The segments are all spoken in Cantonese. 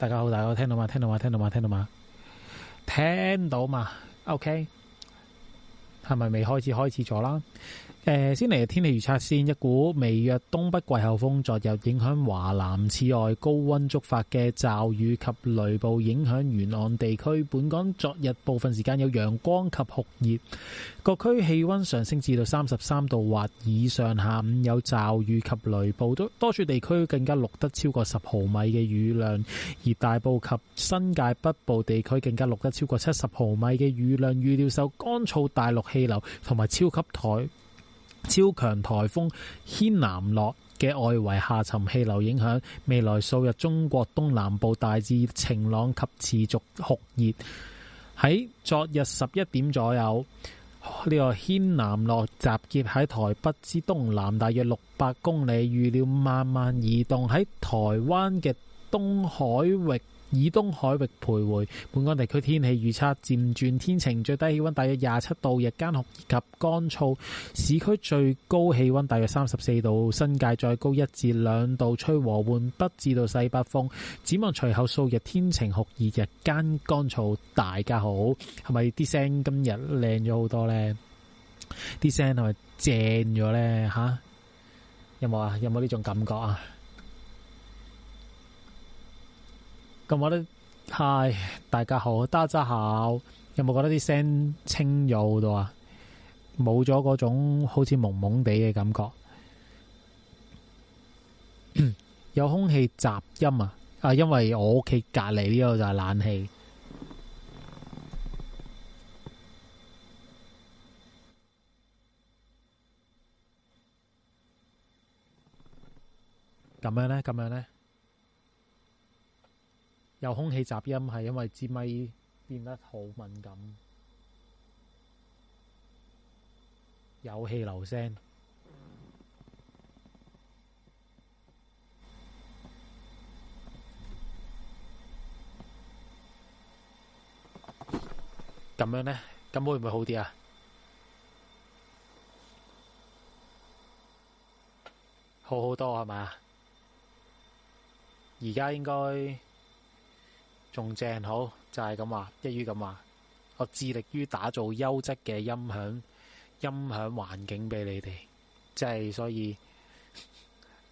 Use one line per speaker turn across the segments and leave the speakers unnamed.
大家好，大家好，聽到嘛？聽到嘛？聽到嘛？聽到嘛？聽到嘛？OK，係咪未開始？開始咗啦？誒，先嚟天氣預測先。一股微弱東北季候風昨日影響華南，此外高温觸發嘅驟雨及雷暴影響沿岸地區。本港昨日部分時間有陽光及酷熱，各區氣温上升至到三十三度或以上。下午有驟雨及雷暴，都多處地區更加錄得超過十毫米嘅雨量，而大埔及新界北部地區更加錄得超過七十毫米嘅雨量。預料受乾燥大陸氣流同埋超級台。超強颱風軒嵐諾嘅外圍下沉氣流影響，未來數日中國東南部大致晴朗及持續酷熱。喺昨日十一點左右，呢、這個軒嵐諾集結喺台北之東南大約六百公里，預料慢慢移動喺台灣嘅東海域。以東海域徘徊，本港地區天氣預測漸轉天晴，最低氣溫大約廿七度，日間酷熱及乾燥，市區最高氣溫大約三十四度，新界再高一至兩度，吹和緩北至到西北風。展望隨後數日天晴酷熱，日間乾燥，大家好，係咪啲聲今日靚咗好多呢？啲聲係咪正咗呢？吓，有冇啊？有冇呢種感覺啊？咁、嗯、我覺得，唉，大家好，大家好，有冇覺得啲聲清咗好多啊？冇咗嗰種好似蒙蒙地嘅感覺， 有空氣雜音啊！啊，因為我屋企隔離呢度就係冷氣，咁樣咧，咁樣咧。有空氣雜音係因為支咪，咪變得好敏感，有氣流聲，咁樣呢？咁會唔會好啲啊？好好多係嘛，而家應該。仲正好，好，就係咁話，一於咁話，我致力於打造優質嘅音響音響環境俾你哋，即係所以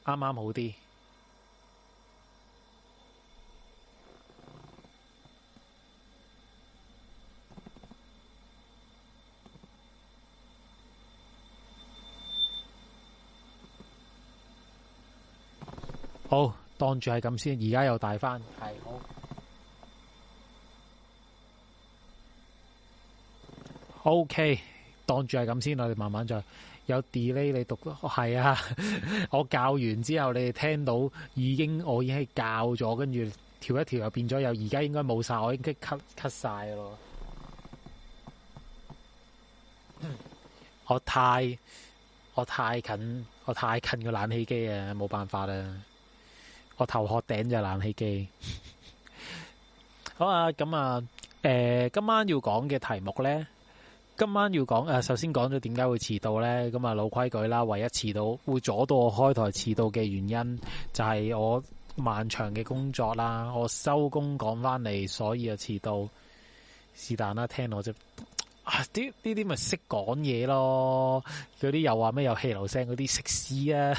啱啱好啲。好，當住係咁先，而家又大翻，係好。O、okay, K，當住係咁先。我哋慢慢再有 delay。你讀咯，係、哦、啊。 我教完之後，你哋聽到已經我已經教咗，跟住調一調又變咗。又而家應該冇曬，我已經咳咳晒曬咯。我太我太近我太近個冷氣機啊！冇辦法啦。我頭殼頂就係冷氣機。 好啊，咁啊、呃，今晚要講嘅題目咧。今晚要講誒、呃，首先講咗點解會遲到咧？咁啊老規矩啦，唯一遲到會阻到我開台遲到嘅原因，就係、是、我漫長嘅工作啦，我收工趕翻嚟，所以啊遲到，是但啦，聽到我啫。啊，啲呢啲咪識講嘢咯？嗰啲又話咩有氣流聲？嗰啲食屎啊！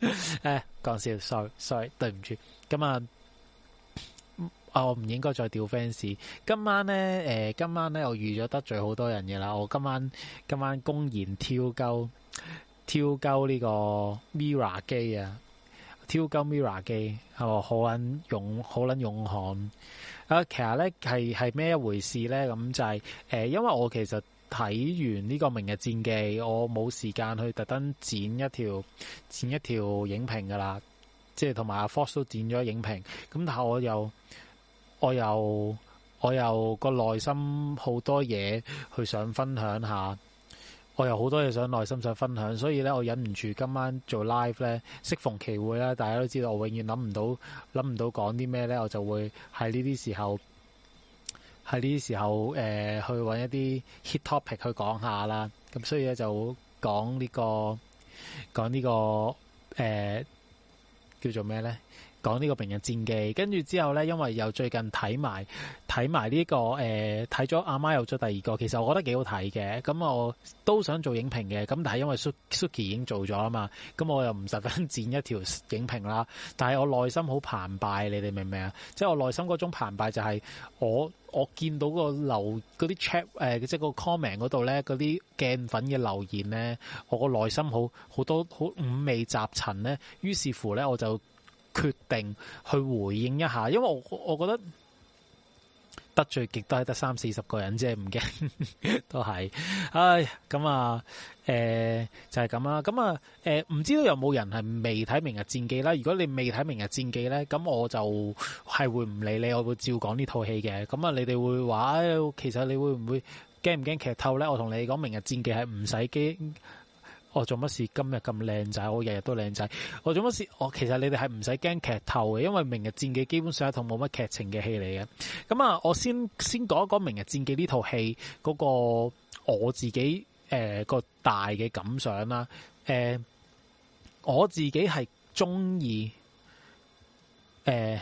誒、 哎，講笑，sorry sorry，對唔住，咁啊。我、哦、唔應該再釣 fans。今晚咧，誒、呃，今晚咧，我預咗得罪好多人嘅啦。我今晚今晚公然挑鳩挑鳩呢個 Mirror 機啊，挑鳩 Mirror 機係好撚勇，好撚勇悍。啊？其實咧係係咩一回事咧？咁就係、是、誒、呃，因為我其實睇完呢個明日戰記，我冇時間去特登剪一條剪一條影評噶啦，即係同埋阿 Fox 都剪咗影評，咁但係我又。我又我又個內心好多嘢，去想分享下，我又好多嘢想內心想分享，所以咧我忍唔住今晚做 live 咧，適逢其會啦，大家都知道我永遠諗唔到諗唔到講啲咩咧，我就會喺呢啲時候喺呢啲時候誒、呃、去搵一啲 hit topic 去講下啦。咁所以咧就講呢個講呢個誒、呃、叫做咩咧？講呢個《明日戰記》，跟住之後呢，因為又最近睇埋睇埋呢個睇咗、呃、阿媽有咗第二個，其實我覺得幾好睇嘅。咁、嗯、我都想做影評嘅，咁但係因為 Suki 已經做咗啦嘛，咁、嗯、我又唔十分剪一條影評啦。但係我內心好澎湃，你哋明唔明啊？即係我內心嗰種澎湃就係我我見到個流嗰啲 chat 即係個 comment 嗰度呢，嗰啲鏡粉嘅留言呢，我個內心好好多好五味雜陳呢。於是乎呢，我就決定去回應一下，因為我我覺得得罪極都係得三四十個人啫，唔驚都係。唉，咁啊，誒、欸、就係咁啦。咁啊，誒唔知道有冇人係未睇《明日戰記》啦？如果你未睇《明日戰記》咧，咁我就係會唔理你，我會照講呢套戲嘅。咁啊，你哋會話，其實你會唔會驚唔驚劇透咧？我同你講，《明日戰記》係唔使驚。我做乜事？今日咁靚仔，我日日都靚仔。我做乜事？我其實你哋係唔使驚劇透嘅，因為《明日戰記》基本上係一套冇乜劇情嘅戲嚟嘅。咁啊，我先先講一講《明日戰記》呢套戲嗰個我自己誒個大嘅感想啦。誒，我自己係中意誒，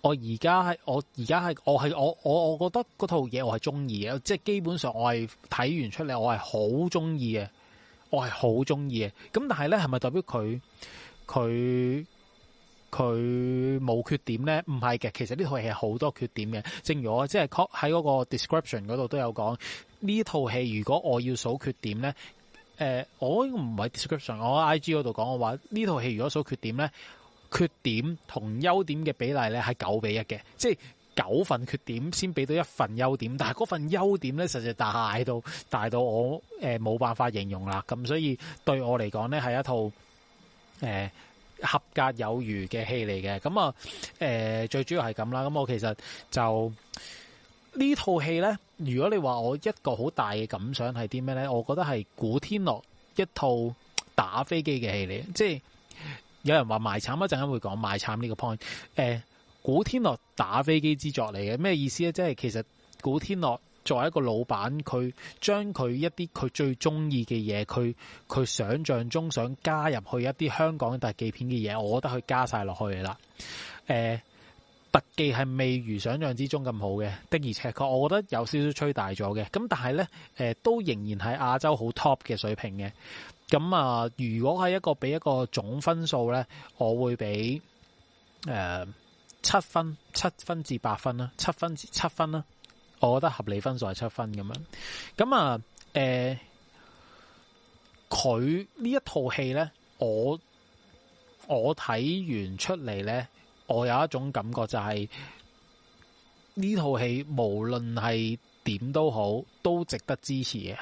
我而家係我而家係我係我我我覺得嗰套嘢我係中意嘅，即係基本上我係睇完出嚟我係好中意嘅。我係好中意嘅，咁但係咧係咪代表佢佢佢冇缺點咧？唔係嘅，其實呢套戲係好多缺點嘅。正如我即係喺嗰個 description 嗰度都有講呢套戲。如果我要數缺點咧，誒、呃，我唔係 description，我 IG 嗰度講嘅話，呢套戲如果數缺點咧，缺點同優點嘅比例咧係九比一嘅，即係。九份缺點先俾到一份優點，但係嗰份優點咧，實際大到大到我誒冇、呃、辦法形容啦。咁所以對我嚟講咧，係一套誒、呃、合格有餘嘅戲嚟嘅。咁啊誒，最主要係咁啦。咁、嗯、我其實就呢套戲咧，如果你話我一個好大嘅感想係啲咩咧，我覺得係古天樂一套打飛機嘅戲嚟，即係有人話賣慘，一陣間會講賣慘呢個 point 誒。呃古天樂打飛機之作嚟嘅咩意思咧？即係其實古天樂作為一個老闆，佢將佢一啲佢最中意嘅嘢，佢佢想象中想加入去一啲香港特技片嘅嘢，我覺得佢加晒落去啦。誒、呃，特技係未如想象之中咁好嘅，的而且確，我覺得有少少吹大咗嘅。咁但係咧、呃，都仍然係亞洲好 top 嘅水平嘅。咁啊，如果係一個俾一個總分數咧，我會俾誒。呃七分，七分至八分啦，七分至七分啦，我覺得合理分數係七分咁樣。咁啊，誒、呃，佢呢一套戲呢，我我睇完出嚟呢，我有一種感覺就係呢套戲無論係點都好，都值得支持嘅。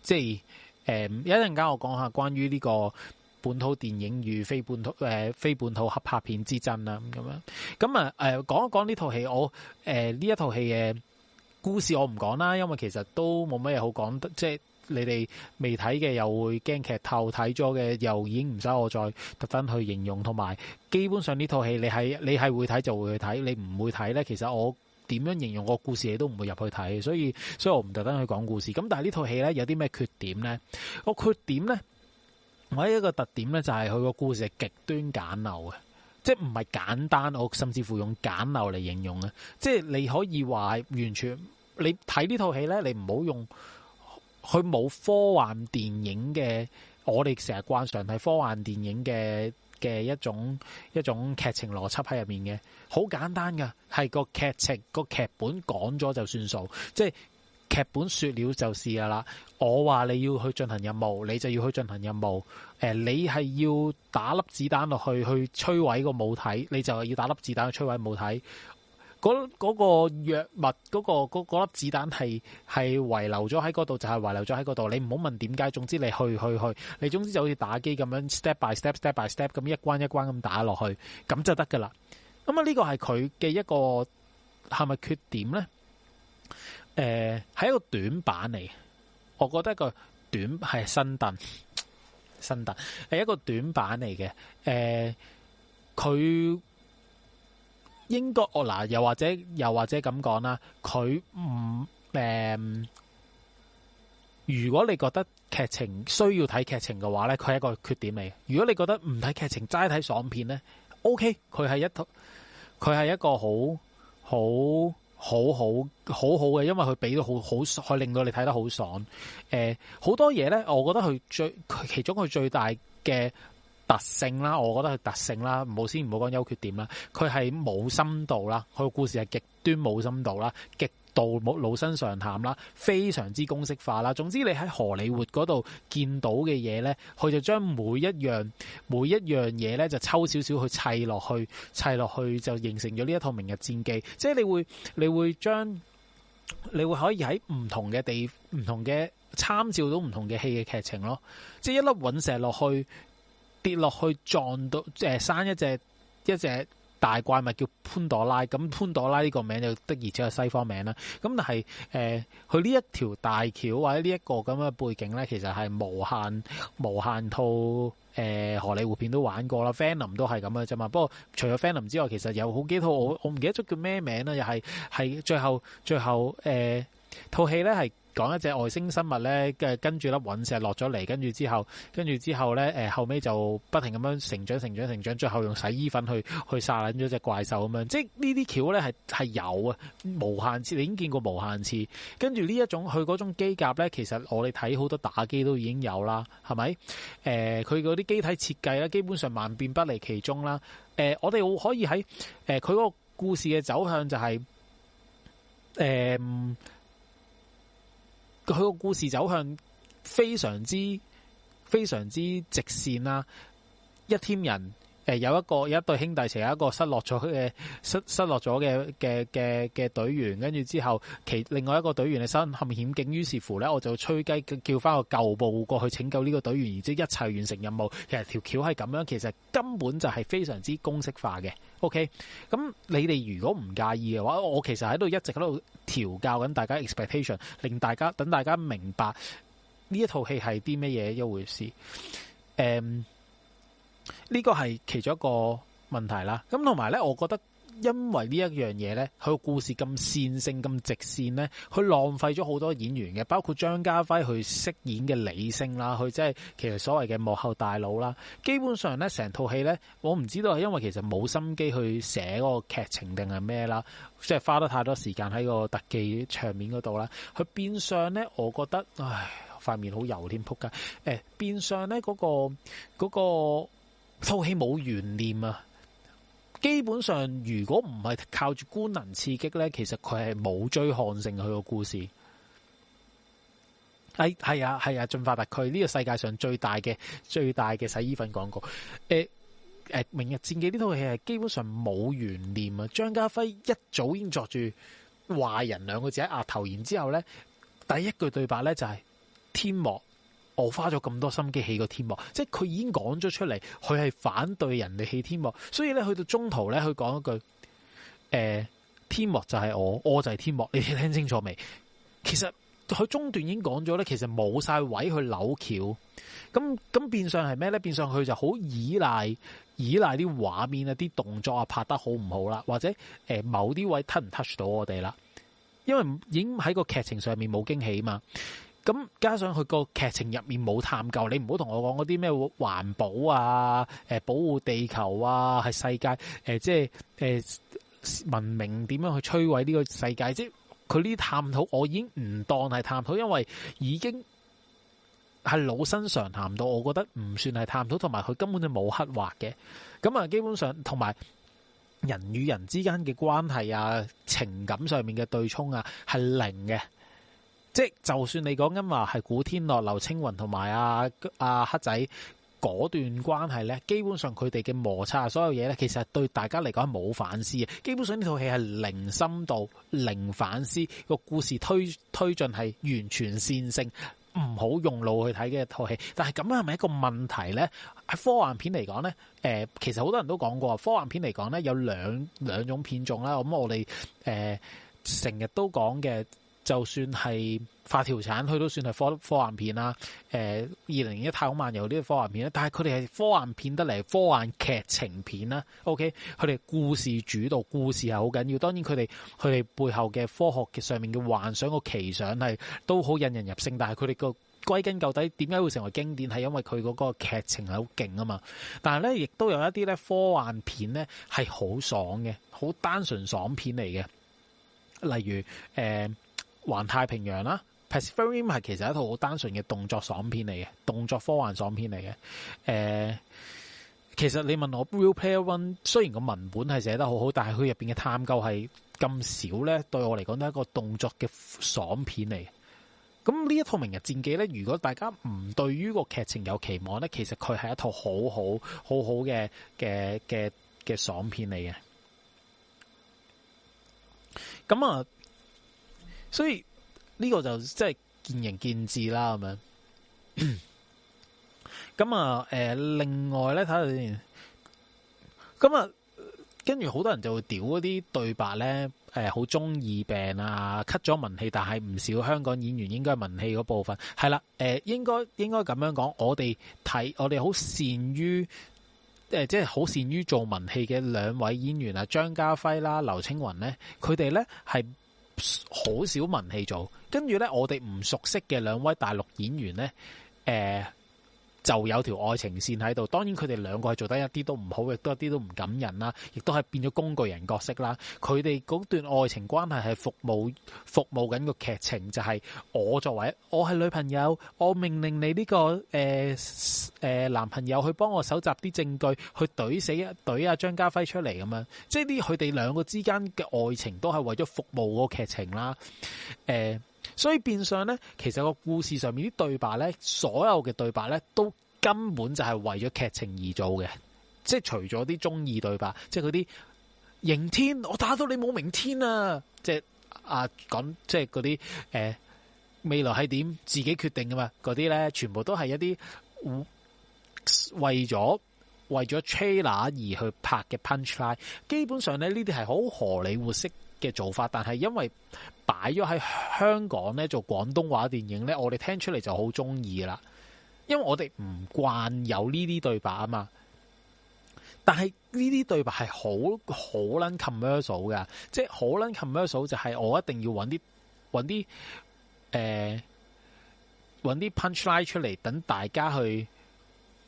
即係一陣間我講下關於呢個。本土電影與非本土、呃、非本土合拍片之爭啦咁樣，咁啊講一講呢套戲，我誒呢、呃、一套戲嘅故事我唔講啦，因為其實都冇乜嘢好講，即係你哋未睇嘅又會驚劇透，睇咗嘅又已經唔使我再特登去形容，同埋基本上呢套戲你係你係會睇就會去睇，你唔會睇咧，其實我點樣形容個故事你都唔會入去睇，所以所以我唔特登去講故事。咁但係呢套戲咧有啲咩缺點咧？個缺點咧？唯一一個特點咧，就係佢個故事係極端簡陋嘅，即係唔係簡單，我甚至乎用簡陋嚟形容，即係你可以話完全，你睇呢套戲咧，你唔好用佢冇科幻電影嘅，我哋成日慣常睇科幻電影嘅嘅一種一種劇情邏輯喺入面嘅，好簡單噶，係個劇情個劇本講咗就算數，即係。劇本説了就是噶啦，我話你要去進行任務，你就要去進行任務。誒、呃，你係要打粒子彈落去去摧毀個母體，你就要打粒子彈去摧毀母體。嗰嗰、那個藥物嗰粒、那個那個那個、子彈係係遺留咗喺嗰度，就係、是、遺留咗喺嗰度。你唔好問點解，總之你去去去，你總之就好似打機咁樣，step by step，step step by step，咁一關一關咁打落去，咁就得噶啦。咁、嗯、啊、呢、這個係佢嘅一個係咪缺點呢？誒、呃，係一個短板嚟，我覺得一個短係新凳，新凳係一個短板嚟嘅。誒、呃，佢應該嗱、呃，又或者又或者咁講啦，佢唔誒，如果你覺得劇情需要睇劇情嘅話咧，佢係一個缺點嚟。如果你覺得唔睇劇情，齋睇爽片咧，OK，佢係一套，佢係一個好好。很好好好好嘅，因為佢俾到好好，佢令到你睇得好爽。誒、呃、好多嘢咧，我覺得佢最其中佢最大嘅特性啦，我覺得係特性啦，唔好先唔好講優缺點啦。佢係冇深度啦，佢個故事係極端冇深度啦，極。道母老生常談啦，非常之公式化啦。總之你喺荷里活嗰度見到嘅嘢呢，佢就將每一樣每一樣嘢呢，就抽少少去砌落去，砌落去就形成咗呢一套明日戰記。即係你會，你會將，你會可以喺唔同嘅地，唔同嘅參照到唔同嘅戲嘅劇情咯。即係一粒隕石落去，跌落去撞到即係生一隻一隻。一隻大怪物叫潘朵拉，咁潘朵拉呢個名就的而且係西方名啦。咁但係誒，佢呢一條大橋或者呢一個咁嘅背景咧，其實係無限無限套誒荷里活片都玩過啦 Venom 都係咁嘅啫嘛。不過除咗 Venom 之外，其實有好幾套我我唔記得咗叫咩名啦，又係係最後最後誒套戲咧係。呃講一隻外星生物咧，跟住粒隕石落咗嚟，跟住之後，跟住之後咧，誒、呃、後尾就不停咁樣成長、成長、成長，最後用洗衣粉去去殺撚咗隻怪獸咁樣，即係呢啲橋咧係係有啊，無限次你已經見過無限次，跟住呢一種佢嗰種機甲咧，其實我哋睇好多打機都已經有啦，係咪？誒、呃，佢嗰啲機體設計咧，基本上萬變不離其宗啦。誒、呃，我哋可以喺誒佢個故事嘅走向就係、是、誒。呃佢個故事走向非常之非常之直線啦，一天人。有一個有一對兄弟，成有一個失落咗嘅失失落咗嘅嘅嘅嘅隊員，跟住之後其另外一個隊員嘅身陷險境，於是乎咧我就吹雞叫返個舊部過去拯救呢個隊員，然之一齊完成任務。其實條橋係咁樣，其實根本就係非常之公式化嘅。OK，咁你哋如果唔介意嘅話，我其實喺度一直喺度調教緊大家 expectation，令大家等大家明白呢一套戲係啲咩嘢一回事。Um, 呢個係其中一個問題啦，咁同埋呢，我覺得因為呢一樣嘢呢，佢個故事咁綫性、咁直綫呢，佢浪費咗好多演員嘅，包括張家輝去飾演嘅理性啦，佢即係其實所謂嘅幕後大佬啦。基本上呢，成套戲呢，我唔知道係因為其實冇心機去寫嗰個劇情定係咩啦，即係花得太多時間喺個特技場面嗰度啦。佢變相呢，我覺得唉，塊面好油添撲街。誒，變相呢，嗰個嗰個。套戲冇懸念啊，基本上如果唔係靠住官能刺激咧，其實佢係冇追看性佢個故事。係、哎、係啊係啊，啊，進化特區呢、呢個世界上最大嘅最大嘅洗衣粉廣告。誒誒，明日戰記呢套戲係基本上冇懸念啊。張家輝一早已經作住壞人兩個字喺額頭，然之後咧，第一句對白咧就係天幕。我花咗咁多心機起個天幕，即係佢已經講咗出嚟，佢係反對人哋起天幕，所以咧去到中途咧，佢講一句，誒、欸，天幕就係我，我就係天幕。你聽清楚未？其實佢中段已經講咗咧，其實冇晒位去扭橋。咁咁變相係咩咧？變相佢就好依賴依賴啲畫面啊，啲動作啊拍得好唔好啦，或者誒、欸、某啲位 touch 唔 touch 到我哋啦，因為已經喺個劇情上面冇驚喜啊嘛。咁加上佢個劇情入面冇探究，你唔好同我講嗰啲咩環保啊、誒保護地球啊，係世界誒、呃、即係誒、呃、文明點樣去摧毀呢個世界？即係佢呢啲探討，我已經唔當係探討，因為已經係老生常談到，我覺得唔算係探討，同埋佢根本就冇刻畫嘅。咁啊，基本上同埋人與人之間嘅關係啊、情感上面嘅對衝啊，係零嘅。即就算你講緊話係古天樂、劉青雲同埋阿阿黑仔嗰段關係呢，基本上佢哋嘅摩擦所有嘢呢，其實對大家嚟講係冇反思嘅。基本上呢套戲係零深度、零反思，個故事推推進係完全線性，唔好用腦去睇嘅一套戲。但係咁樣係咪一個問題呢？喺科幻片嚟講呢，誒、呃，其實好多人都講過，科幻片嚟講呢，有兩兩種片種啦。咁我哋誒成日都講嘅。就算係發條橙佢都算係科科幻片啦，誒二零零一太空漫遊呢啲科幻片咧，但係佢哋係科幻片得嚟，科幻劇情片啦。OK，佢哋故事主導，故事係好緊要。當然佢哋佢哋背後嘅科學上面嘅幻想個奇想係都好引人入勝。但係佢哋個歸根究底點解會成為經典，係因為佢嗰個劇情係好勁啊嘛。但係咧，亦都有一啲咧科幻片咧係好爽嘅，好單純爽片嚟嘅，例如誒。呃環太平洋啦，啊，《Pacific Rim》係其實一套好單純嘅動作爽片嚟嘅，動作科幻爽片嚟嘅。誒、呃，其實你問我《Ready Player One》，雖然個文本係寫得好好，但係佢入邊嘅探究係咁少咧，對我嚟講都係一個動作嘅爽片嚟嘅。咁呢一套明日戰記咧，如果大家唔對於個劇情有期望咧，其實佢係一套好好好好嘅嘅嘅嘅爽片嚟嘅。咁啊～所以呢、這個就即係見仁見智啦咁樣。咁啊，誒、 呃，另外咧，睇下先。咁啊、呃，跟住好多人就會屌嗰啲對白咧，誒、呃，好中二病啊，cut 咗文戲，但係唔少香港演員應該文戲嗰部分係啦。誒、呃，應該應該咁樣講，我哋睇我哋好善於，誒、呃，即係好善於做文戲嘅兩位演員啊，張家輝啦、啊，劉青雲咧，佢哋咧係。好少文戲做，跟住咧，我哋唔熟悉嘅兩位大陸演員咧，誒、呃。就有條愛情線喺度，當然佢哋兩個係做得一啲都唔好，亦都一啲都唔感人啦，亦都係變咗工具人角色啦。佢哋嗰段愛情關係係服務服務緊個劇情，就係、是、我作為我係女朋友，我命令你呢、這個誒、呃呃、男朋友去幫我搜集啲證據，去懟死一懟啊張家輝出嚟咁樣，即係呢，佢哋兩個之間嘅愛情都係為咗服務個劇情啦，呃所以變相咧，其實個故事上面啲對白咧，所有嘅對白咧，都根本就係為咗劇情而做嘅，即係除咗啲中二對白，即係嗰啲迎天，我打到你冇明天啊！即係啊，講即係嗰啲誒，未來係點自己決定噶嘛？嗰啲咧，全部都係一啲為咗為咗 trailer 而去拍嘅 punchline，基本上咧呢啲係好荷里活式。嘅做法，但係因為擺咗喺香港咧做廣東話電影咧，我哋聽出嚟，就好中意啦。因為我哋唔慣有呢啲對白啊嘛，但係呢啲對白係好好撚 commercial 噶即係好撚 commercial 就係我一定要揾啲揾啲誒揾啲、呃、punchline 出嚟，等大家去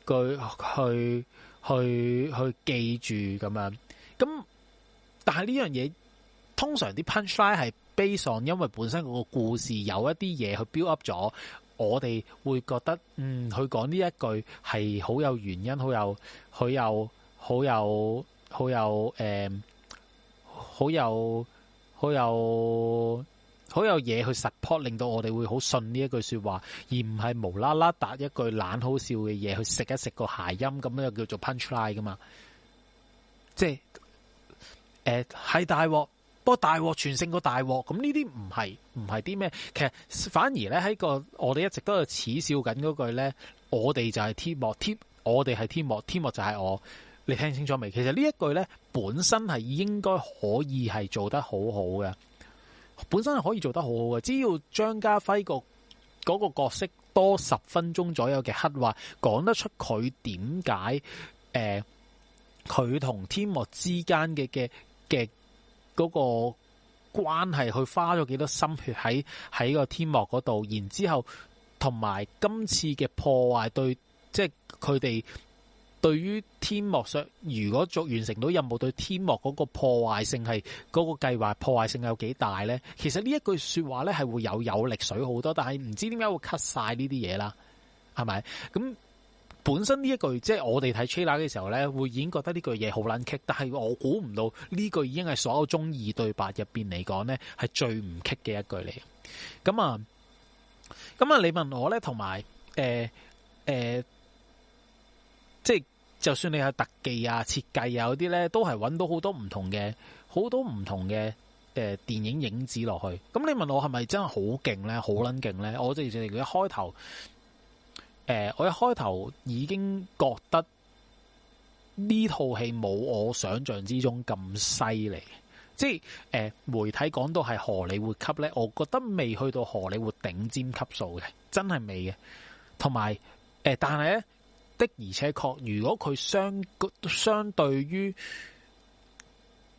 佢去去去，去記住咁樣。咁但係呢樣嘢。通常啲 punchline 係悲傷，因為本身個故事有一啲嘢去 build up 咗，我哋會覺得嗯，佢講呢一句係好有原因，好有，好有，好有，好有，誒，好有，好有，好有嘢去 support，令到我哋會好信呢一句說話，而唔係無啦啦答一句懶好笑嘅嘢去食一食個諧音，咁樣又叫做 punchline 噶嘛，即係誒係大鑊。大鑊全勝過大鑊，咁呢啲唔係唔係啲咩？其實反而咧喺個我哋一直都係恥笑緊嗰句咧，我哋就係天幕，天我哋係天幕，天幕就係我。你聽清楚未？其實呢一句咧本身係應該可以係做得好好嘅，本身係可，可以做得好好嘅。只要張家輝個嗰個角色多十分鐘左右嘅刻畫，講得出佢點解誒佢同天幕之間嘅嘅嘅。嗰個關係，佢花咗幾多心血喺喺個天幕嗰度，然之後同埋今次嘅破壞對，即係佢哋對於天幕上，如果做完成到任務，對天幕嗰個破壞性係嗰個計劃破壞性有幾大呢？其實呢一句説話呢係會有有力水好多，但係唔知點解會 cut 曬呢啲嘢啦，係咪咁？本身呢一句，即係我哋睇吹 h a l e r 嘅時候呢，會已經覺得呢句嘢好撚棘。但係我估唔到呢句已經係所有中二對白入邊嚟講呢，係最唔棘嘅一句嚟。咁啊，咁啊，你問我呢，同埋誒誒，即係就算你係特技啊、設計啊嗰啲呢，都係揾到好多唔同嘅、好多唔同嘅誒、呃、電影影子落去。咁你問我係咪真係好勁呢？好捻勁呢？我即係如果一開頭。誒，我一開頭已經覺得呢套戲冇我想象之中咁犀利，即係誒媒體講到係荷里活級呢，我覺得未去到荷里活頂尖級數嘅，真係未嘅。同埋誒，但係呢的而且確，如果佢相相對於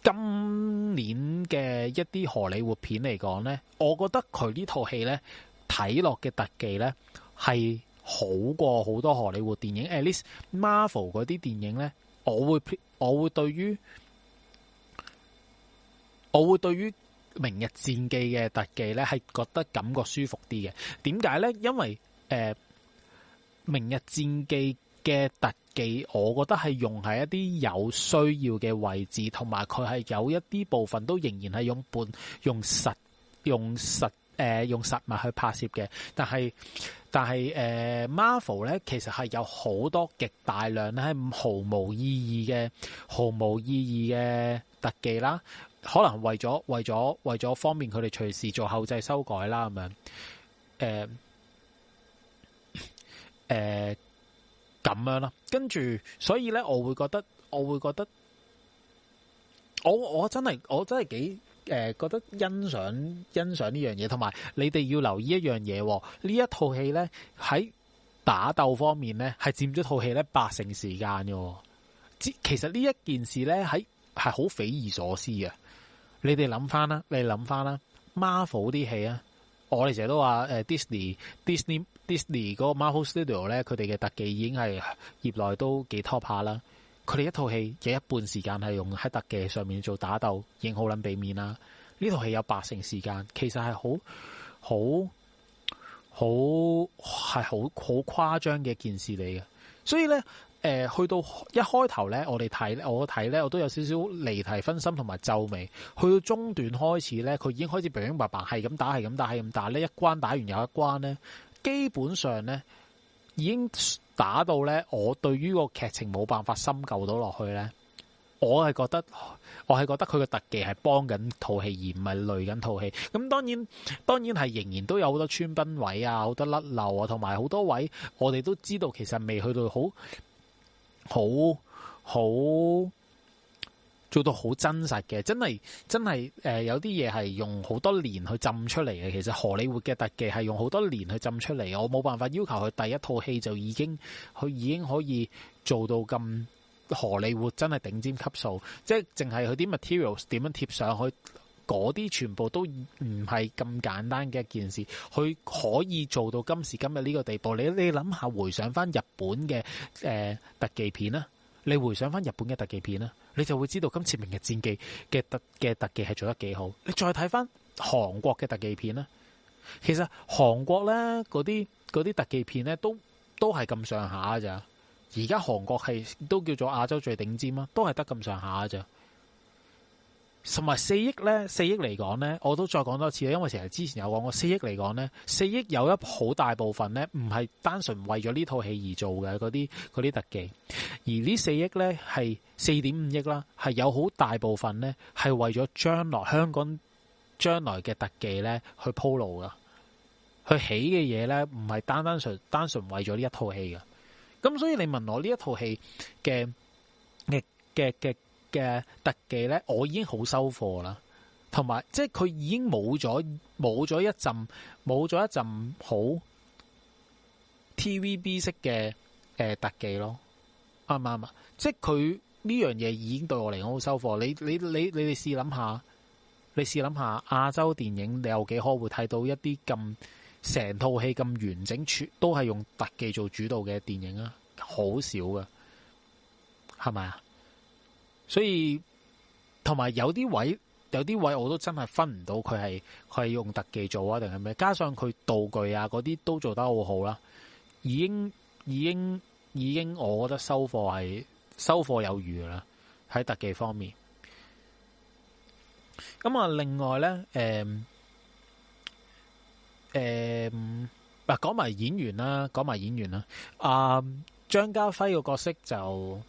今年嘅一啲荷里活片嚟講呢，我覺得佢呢套戲呢，睇落嘅特技呢，係。好過好多荷里活電影，At least Marvel 嗰啲電影呢，我會我會對於我會對於明日戰記嘅特技呢，係覺得感覺舒服啲嘅。點解呢？因為誒、呃，明日戰記嘅特技，我覺得係用喺一啲有需要嘅位置，同埋佢係有一啲部分都仍然係用半用實用實誒、呃、用實物去拍攝嘅，但係。但係，誒、呃、Marvel 咧，其實係有好多極大量咧，毫無意義嘅，毫無意義嘅特技啦。可能為咗為咗為咗方便佢哋隨時做後製修改啦，咁樣誒誒咁樣啦。跟住，所以咧，我會覺得，我會覺得，我我真係我真係幾。誒，覺得欣賞欣賞呢樣嘢，同埋你哋要留意一樣嘢，這一呢一套戲咧喺打鬥方面咧，係佔咗套戲咧八成時間嘅。其實呢一件事咧，喺係好匪夷所思嘅。你哋諗翻啦，你哋諗翻啦，Marvel 啲戲啊，我哋成日都話誒，Disney、Disney、Disney 嗰個 Marvel Studio 咧，佢哋嘅特技已經係業內都幾 top 下啦。佢哋一套戲嘅一半時間係用喺特技上面做打鬥，已經好捻避免啦。呢套戲有八成時間其實係好好好係好好誇張嘅一件事嚟嘅。所以咧，誒去到一開頭咧，我哋睇咧，我睇咧，我都有少少離題、分心同埋皺眉。去到中段開始咧，佢已經開始平平白白係咁打，係咁打，係咁打。呢一關打完有一關咧，基本上咧。已經打到咧，我對於個劇情冇辦法深究到落去咧。我係覺得，我係覺得佢個特技係幫緊套戲，而唔係累緊套戲。咁當然，當然係仍然都有好多穿幫位啊，好多甩漏啊，同埋好多位我哋都知道，其實未去到好好好。做到好真實嘅，真係真係誒、呃、有啲嘢係用好多年去浸出嚟嘅。其實荷里活嘅特技係用好多年去浸出嚟，我冇辦法要求佢第一套戲就已經，佢已經可以做到咁荷里活真係頂尖級數，即係淨係佢啲 material 點樣貼上去嗰啲，全部都唔係咁簡單嘅一件事。佢可以做到今時今日呢個地步，你你諗下，回想返日本嘅、呃、特技片啦。你回想翻日本嘅特技片啦，你就會知道今次《明日戰記》嘅特嘅特技係做得幾好。你再睇翻韓國嘅特技片啦，其實韓國咧嗰啲嗰啲特技片咧都都係咁上下咋。而家韓國係都叫做亞洲最頂尖啊，都係得咁上下咋。同埋四億呢？四億嚟講呢，我都再講多次，因為成日之前有講過，四億嚟講呢，四億有一好大部分呢，唔係單純為咗呢套戲而做嘅嗰啲嗰啲特技，而呢四億呢，係四點五億啦，係有好大部分呢，係為咗將來香港將來嘅特技呢去鋪路噶，去起嘅嘢呢，唔係單單純單純為咗呢一套戲㗎。咁所以你問我呢一套戲嘅嘅嘅。嘅特技咧，我已經好收貨啦，同埋即係佢已經冇咗冇咗一陣冇咗一陣好 TVB 式嘅誒、呃、特技咯，啱唔啱啊？即係佢呢樣嘢已經對我嚟講好收貨。你你你你哋試諗下，你試諗下亞洲電影你有幾可會睇到一啲咁成套戲咁完整，全都係用特技做主導嘅電影啊？好少噶，係咪啊？所以，同埋有啲位，有啲位我都真係分唔到佢係佢係用特技做啊，定係咩？加上佢道具啊，嗰啲都做得好好啦。已經，已經，已經，我覺得收貨係收貨有餘啦。喺特技方面，咁、嗯、啊，另外呢，誒、嗯，誒、嗯，嗱，講埋演員啦，講埋演員啦。啊，張家輝個角色就。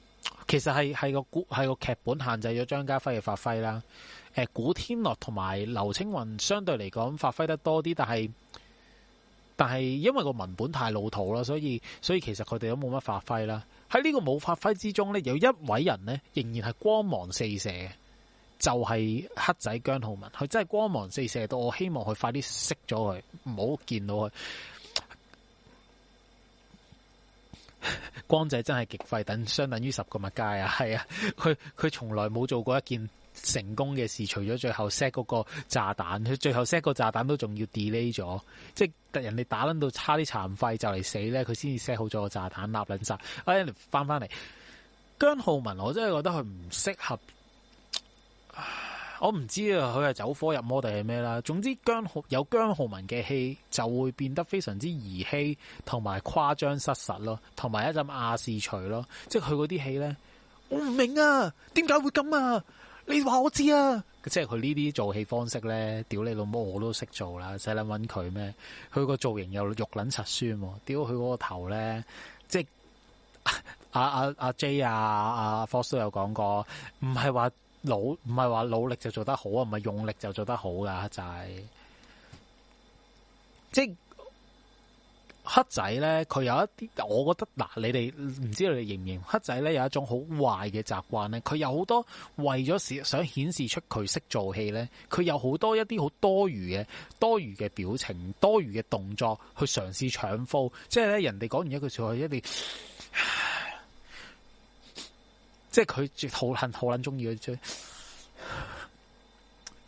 其實係係個古係個劇本限制咗張家輝嘅發揮啦。古天樂同埋劉青雲相對嚟講發揮得多啲，但係但係因為個文本太老土啦，所以所以其實佢哋都冇乜發揮啦。喺呢個冇發揮之中咧，有一位人呢仍然係光芒四射嘅，就係黑仔姜浩文，佢真係光芒四射到，我希望佢快啲熄咗佢，唔好見到佢。光仔真係極廢，等相等於十個物街啊！係啊，佢佢從來冇做過一件成功嘅事，除咗最後 set 嗰個炸彈，佢最後 set 個炸彈都仲要 delay 咗，即係人哋打捻到差啲殘廢就嚟死咧，佢先至 set 好咗個炸彈，立捻實。哎，翻翻嚟姜浩文，我真係覺得佢唔適合。我唔知啊，佢係走火入魔定係咩啦？總之姜浩有姜浩文嘅戲就會變得非常之兒戲同埋誇張失實咯，同埋一陣亞視除咯，即係佢嗰啲戲咧，我唔明啊，點解會咁啊？你話我知啊，即係佢呢啲做戲方式咧，屌你老母我都識做啦，使捻揾佢咩？佢個造型又肉捻實酸，屌佢嗰個頭咧，即係阿阿阿 J 啊阿方叔有講過，唔係話。努唔係話努力就做得好啊唔係用力就做得好噶就係，即黑仔呢，佢有一啲。我覺得嗱，你哋唔知你哋認唔認黑仔呢，有一種好壞嘅習慣呢，佢有好多為咗想顯示出佢識做戲呢，佢有好多一啲好多餘嘅多餘嘅表情，多餘嘅動作，去嘗試搶風。即係呢，人哋講完一句說話，我一定。即係佢最好捻好捻中意佢出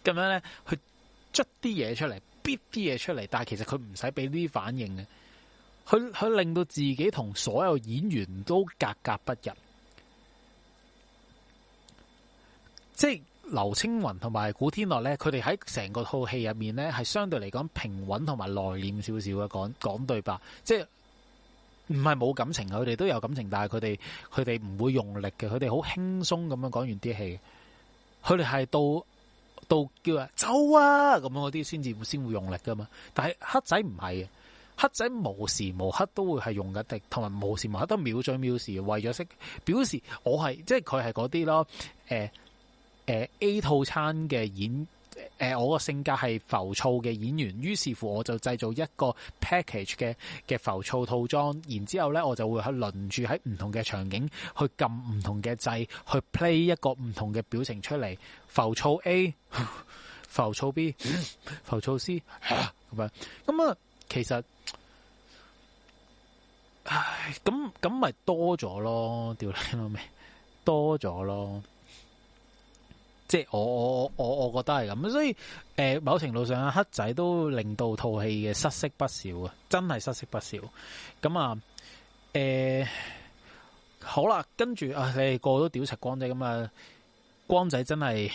咁樣咧，去捽啲嘢出嚟，逼啲嘢出嚟，但係其實佢唔使俾呢啲反應嘅，佢佢令到自己同所有演員都格格不入。即係劉青雲同埋古天樂咧，佢哋喺成個套戲入面咧，係相對嚟講平穩同埋內斂少少嘅講講對白，即係。唔係冇感情嘅，佢哋都有感情，但係佢哋佢哋唔會用力嘅，佢哋好輕鬆咁樣講完啲戲，佢哋係到到叫啊走啊咁樣嗰啲先至先會用力噶嘛。但係黑仔唔係嘅，黑仔無時無刻都會係用緊力，同埋無時無刻都秒準秒時，為咗識表示我係，即係佢係嗰啲咯，誒、呃、誒、呃、A 套餐嘅演。誒、呃，我個性格係浮躁嘅演員，於是乎我就製造一個 package 嘅嘅浮躁套裝，然之後咧我就會去輪住喺唔同嘅場景去撳唔同嘅掣，去 play 一個唔同嘅表情出嚟，浮躁 A，浮躁 B，浮躁 C，咁樣，咁啊，其實，唉，咁咁咪多咗咯，屌你老味，多咗咯。即係我我我我我覺得係咁，所以誒、呃，某程度上黑仔都令到套戲嘅失色不少啊，真係失色不少。咁啊，誒、呃，好啦，跟住啊，你哋個個都屌柒光仔咁啊，光仔真係，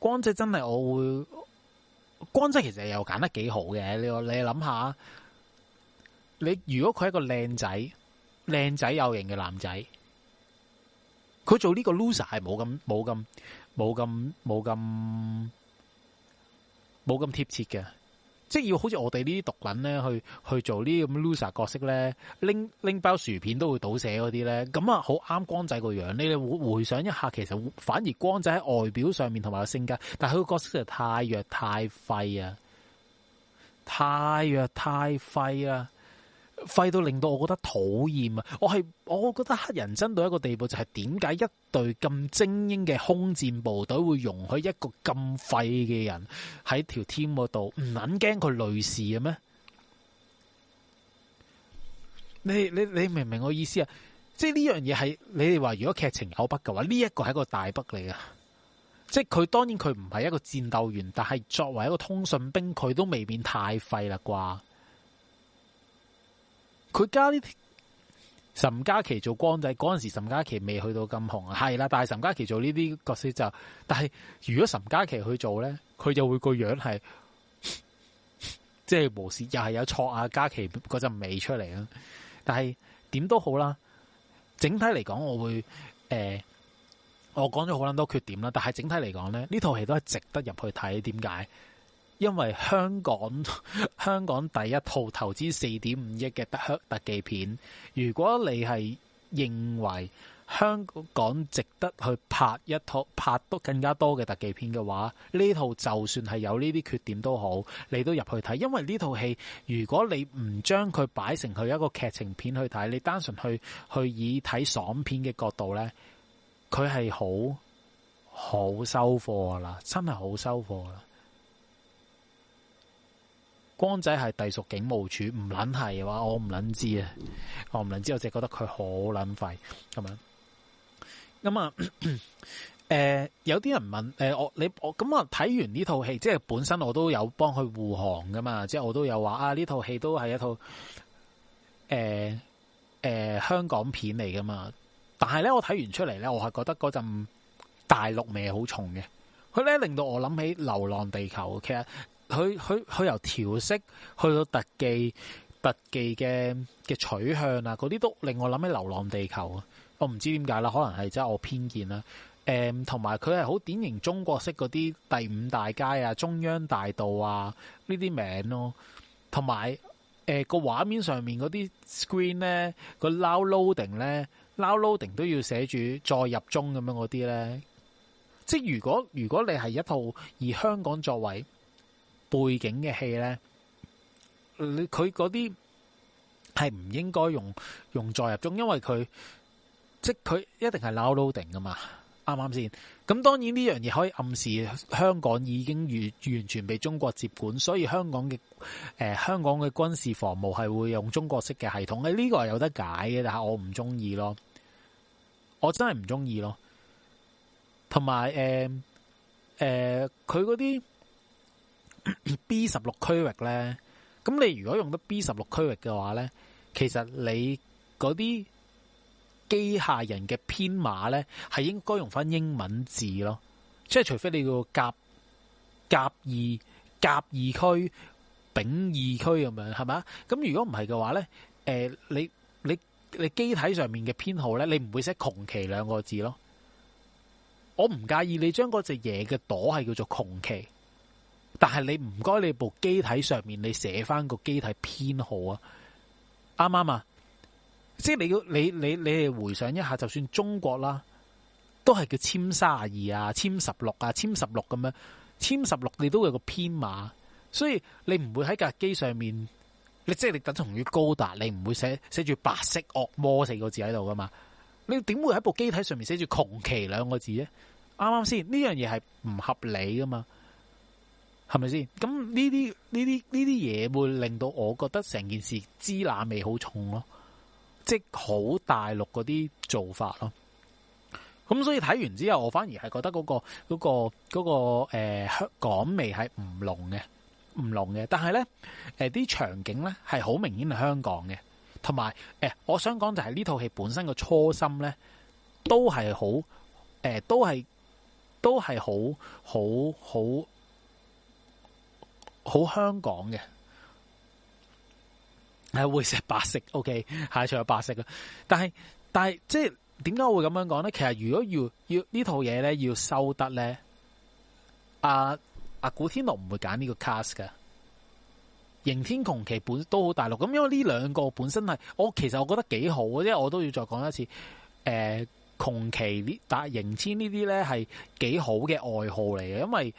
光仔真係，我會，光仔其實又揀得幾好嘅。你你諗下，你，想想，你如果佢係一個靚仔，靚仔有型嘅男仔。佢做呢個 loser 係冇咁冇咁冇咁冇咁冇咁貼切嘅，即係要好似我哋呢啲毒品咧，去去做呢啲咁 loser 角色咧，拎拎包薯片都會倒瀉嗰啲咧，咁啊好啱光仔個樣。你回回想一下，其實反而光仔喺外表上面同埋個性格，但係佢個角色就太弱太廢啊，太弱太廢啦。廢到令到我覺得討厭啊！我係我覺得黑人憎到一個地步，就係點解一隊咁精英嘅空戰部隊會容許一個咁廢嘅人喺條 team 嗰度？唔撚驚佢累事嘅咩？你你你，你明唔明我意思啊？即係呢樣嘢係你哋話，如果劇情有筆嘅話，呢一個係一個大筆嚟噶。即係佢當然佢唔係一個戰鬥員，但係作爲一個通訊兵，佢都未免太廢啦啩。佢加呢啲，岑嘉琪做光仔嗰陣時，岑嘉琪未去到咁紅啊，係啦，但係岑嘉琪做呢啲角色就，但係如果岑嘉琪去做咧，佢就會個樣係，即係無事又係有錯啊嘉琪嗰陣味出嚟啦。但係點都好啦，整體嚟講我會誒、呃，我講咗好捻多缺點啦，但係整體嚟講咧，呢套戲都係值得入去睇，點解？因為香港香港第一套投資四點五億嘅特特技片，如果你係認為香港值得去拍一套拍得更加多嘅特技片嘅話，呢套就算係有呢啲缺點都好，你都入去睇，因為呢套戲如果你唔將佢擺成佢一個劇情片去睇，你單純去去以睇爽片嘅角度呢，佢係好好收貨啦，真係好收貨啦。光仔係隸屬警務處，唔撚係嘅話我唔撚知啊！我唔撚知，我知，我只係覺得佢好撚廢。咁樣。咁啊，誒、呃，有啲人問，誒、呃，我你我咁啊，睇完呢套戲，即係本身我都有幫佢護航噶嘛，即係我都有話啊，呢套戲都係一套誒誒香港片嚟噶嘛。但係咧，我睇完出嚟咧，我係覺得嗰陣大陸味好重嘅，佢咧令到我諗起《流浪地球》其實。佢佢佢由調色去到特技，特技嘅嘅取向啊，嗰啲都令我諗起《流浪地球》啊。我唔知點解啦，可能係真係我偏見啦。誒、嗯，同埋佢係好典型中國式嗰啲第五大街啊、中央大道啊呢啲名咯、啊。同埋誒個畫面上面嗰啲 screen 咧個 now loading 咧 now loading 都要寫住再入中咁樣嗰啲咧。即係如果如果你係一套以香港作為。背景嘅戲呢，佢嗰啲係唔應該用用載入中，因為佢即佢一定係 low loading 㗎嘛，啱啱先？咁當然呢樣嘢可以暗示香港已經完完全被中國接管，所以香港嘅誒、呃、香港嘅軍事防務係會用中國式嘅系統，誒、這、呢個係有得解嘅，但係我唔中意咯，我真係唔中意咯，同埋誒誒佢嗰啲。呃呃 B 十六區域咧，咁你如果用得 B 十六區域嘅話咧，其實你嗰啲機械人嘅編碼咧，係應該用翻英文字咯，即係除非你個甲甲二甲二區丙二區咁樣，係咪？咁如果唔係嘅話咧，誒、呃，你你你機體上面嘅編號咧，你唔會寫窮奇兩個字咯。我唔介意你將嗰隻嘢嘅朵係叫做窮奇。但係你唔該，你部機體上面你寫翻個機體編號啊？啱唔啱啊？即係你要你你你哋回想一下，就算中國啦，都係叫殲卅二啊、殲十六啊、殲十六咁樣，殲十六你都有個編碼，所以你唔會喺架機上面，你即係你等同於高達，你唔會寫寫住白色惡魔四個字喺度噶嘛？你點會喺部機體上面寫住窮奇兩個字咧？啱唔啱先？呢樣嘢係唔合理噶嘛？係咪先？咁呢啲呢啲呢啲嘢會令到我覺得成件事支那味好重咯，即係好大陸嗰啲做法咯。咁所以睇完之後，我反而係覺得嗰個嗰個嗰個誒港味係唔濃嘅，唔濃嘅。但係咧，誒啲場景咧係好明顯係香港嘅，同埋誒我想講就係呢套戲本身個初心咧，都係好誒都係都係好好好。好香港嘅，係會食白色，OK，下場有白色嘅，但係但係即係點解我會咁樣講咧？其實如果要要呢套嘢咧要收得咧，阿、啊、阿、啊、古天樂唔會揀呢個 cast 噶，刑天、窮奇本都好大陸，咁因為呢兩個本身係我其實我覺得幾好嘅，即係我都要再講一次，誒、呃，窮奇呢，但係刑天呢啲咧係幾好嘅愛好嚟嘅，因為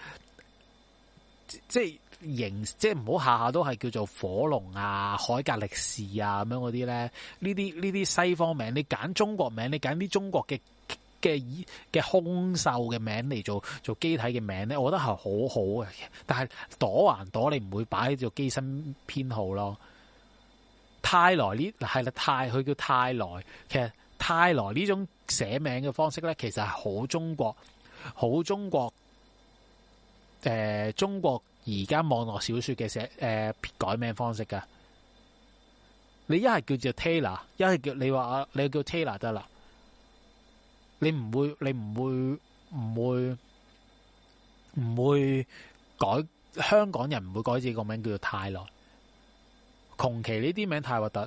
即係。即型即係唔好下下都係叫做火龍啊、海格力士啊咁樣嗰啲咧，呢啲呢啲西方名，你揀中國名，你揀啲中國嘅嘅嘅凶獸嘅名嚟做做機體嘅名咧，我覺得係好好嘅。但係躲還躲，你唔會擺喺做機身編號咯。泰來呢係啦，泰佢叫泰來，其實泰來呢種寫名嘅方式咧，其實係好中國，好中國，誒、呃，中國。而家網絡小說嘅寫誒改名方式噶，你一係叫做 Taylor，一係叫你話啊，你叫 Taylor 得啦。你唔會，你唔會，唔會，唔會改香港人唔會改自己個名叫做泰來，窮奇呢啲名太核突。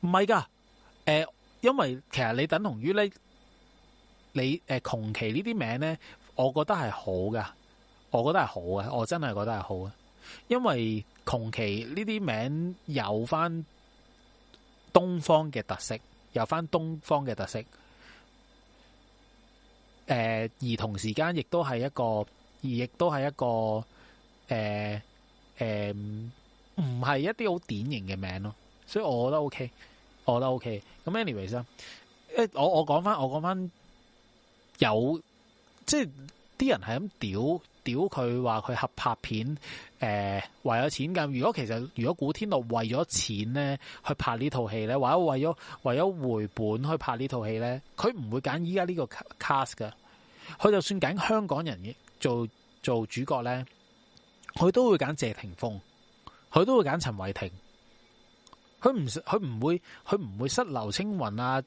唔係噶，誒、呃，因為其實你等同於呢，你誒窮奇呢啲名咧，我覺得係好噶。我覺得係好嘅，我真係覺得係好嘅，因為窮奇呢啲名有翻東方嘅特色，有翻東方嘅特色，誒、呃、而同時間亦都係一個而亦都係一個誒誒唔係一啲好典型嘅名咯，所以我覺得 OK，我覺得 OK。咁 anyway 啦，誒我我講翻我講翻有即係啲人係咁屌。屌佢話佢合拍片，誒、呃，為咗錢咁。如果其實如果古天樂為咗錢咧去拍呢套戲咧，或者為咗為咗回本去拍呢套戲咧，佢唔會揀依家呢個 cast 噶。佢就算揀香港人做做主角咧，佢都會揀謝霆鋒，佢都會揀陳偉霆。佢唔佢唔會佢唔會失劉青雲啊，誒、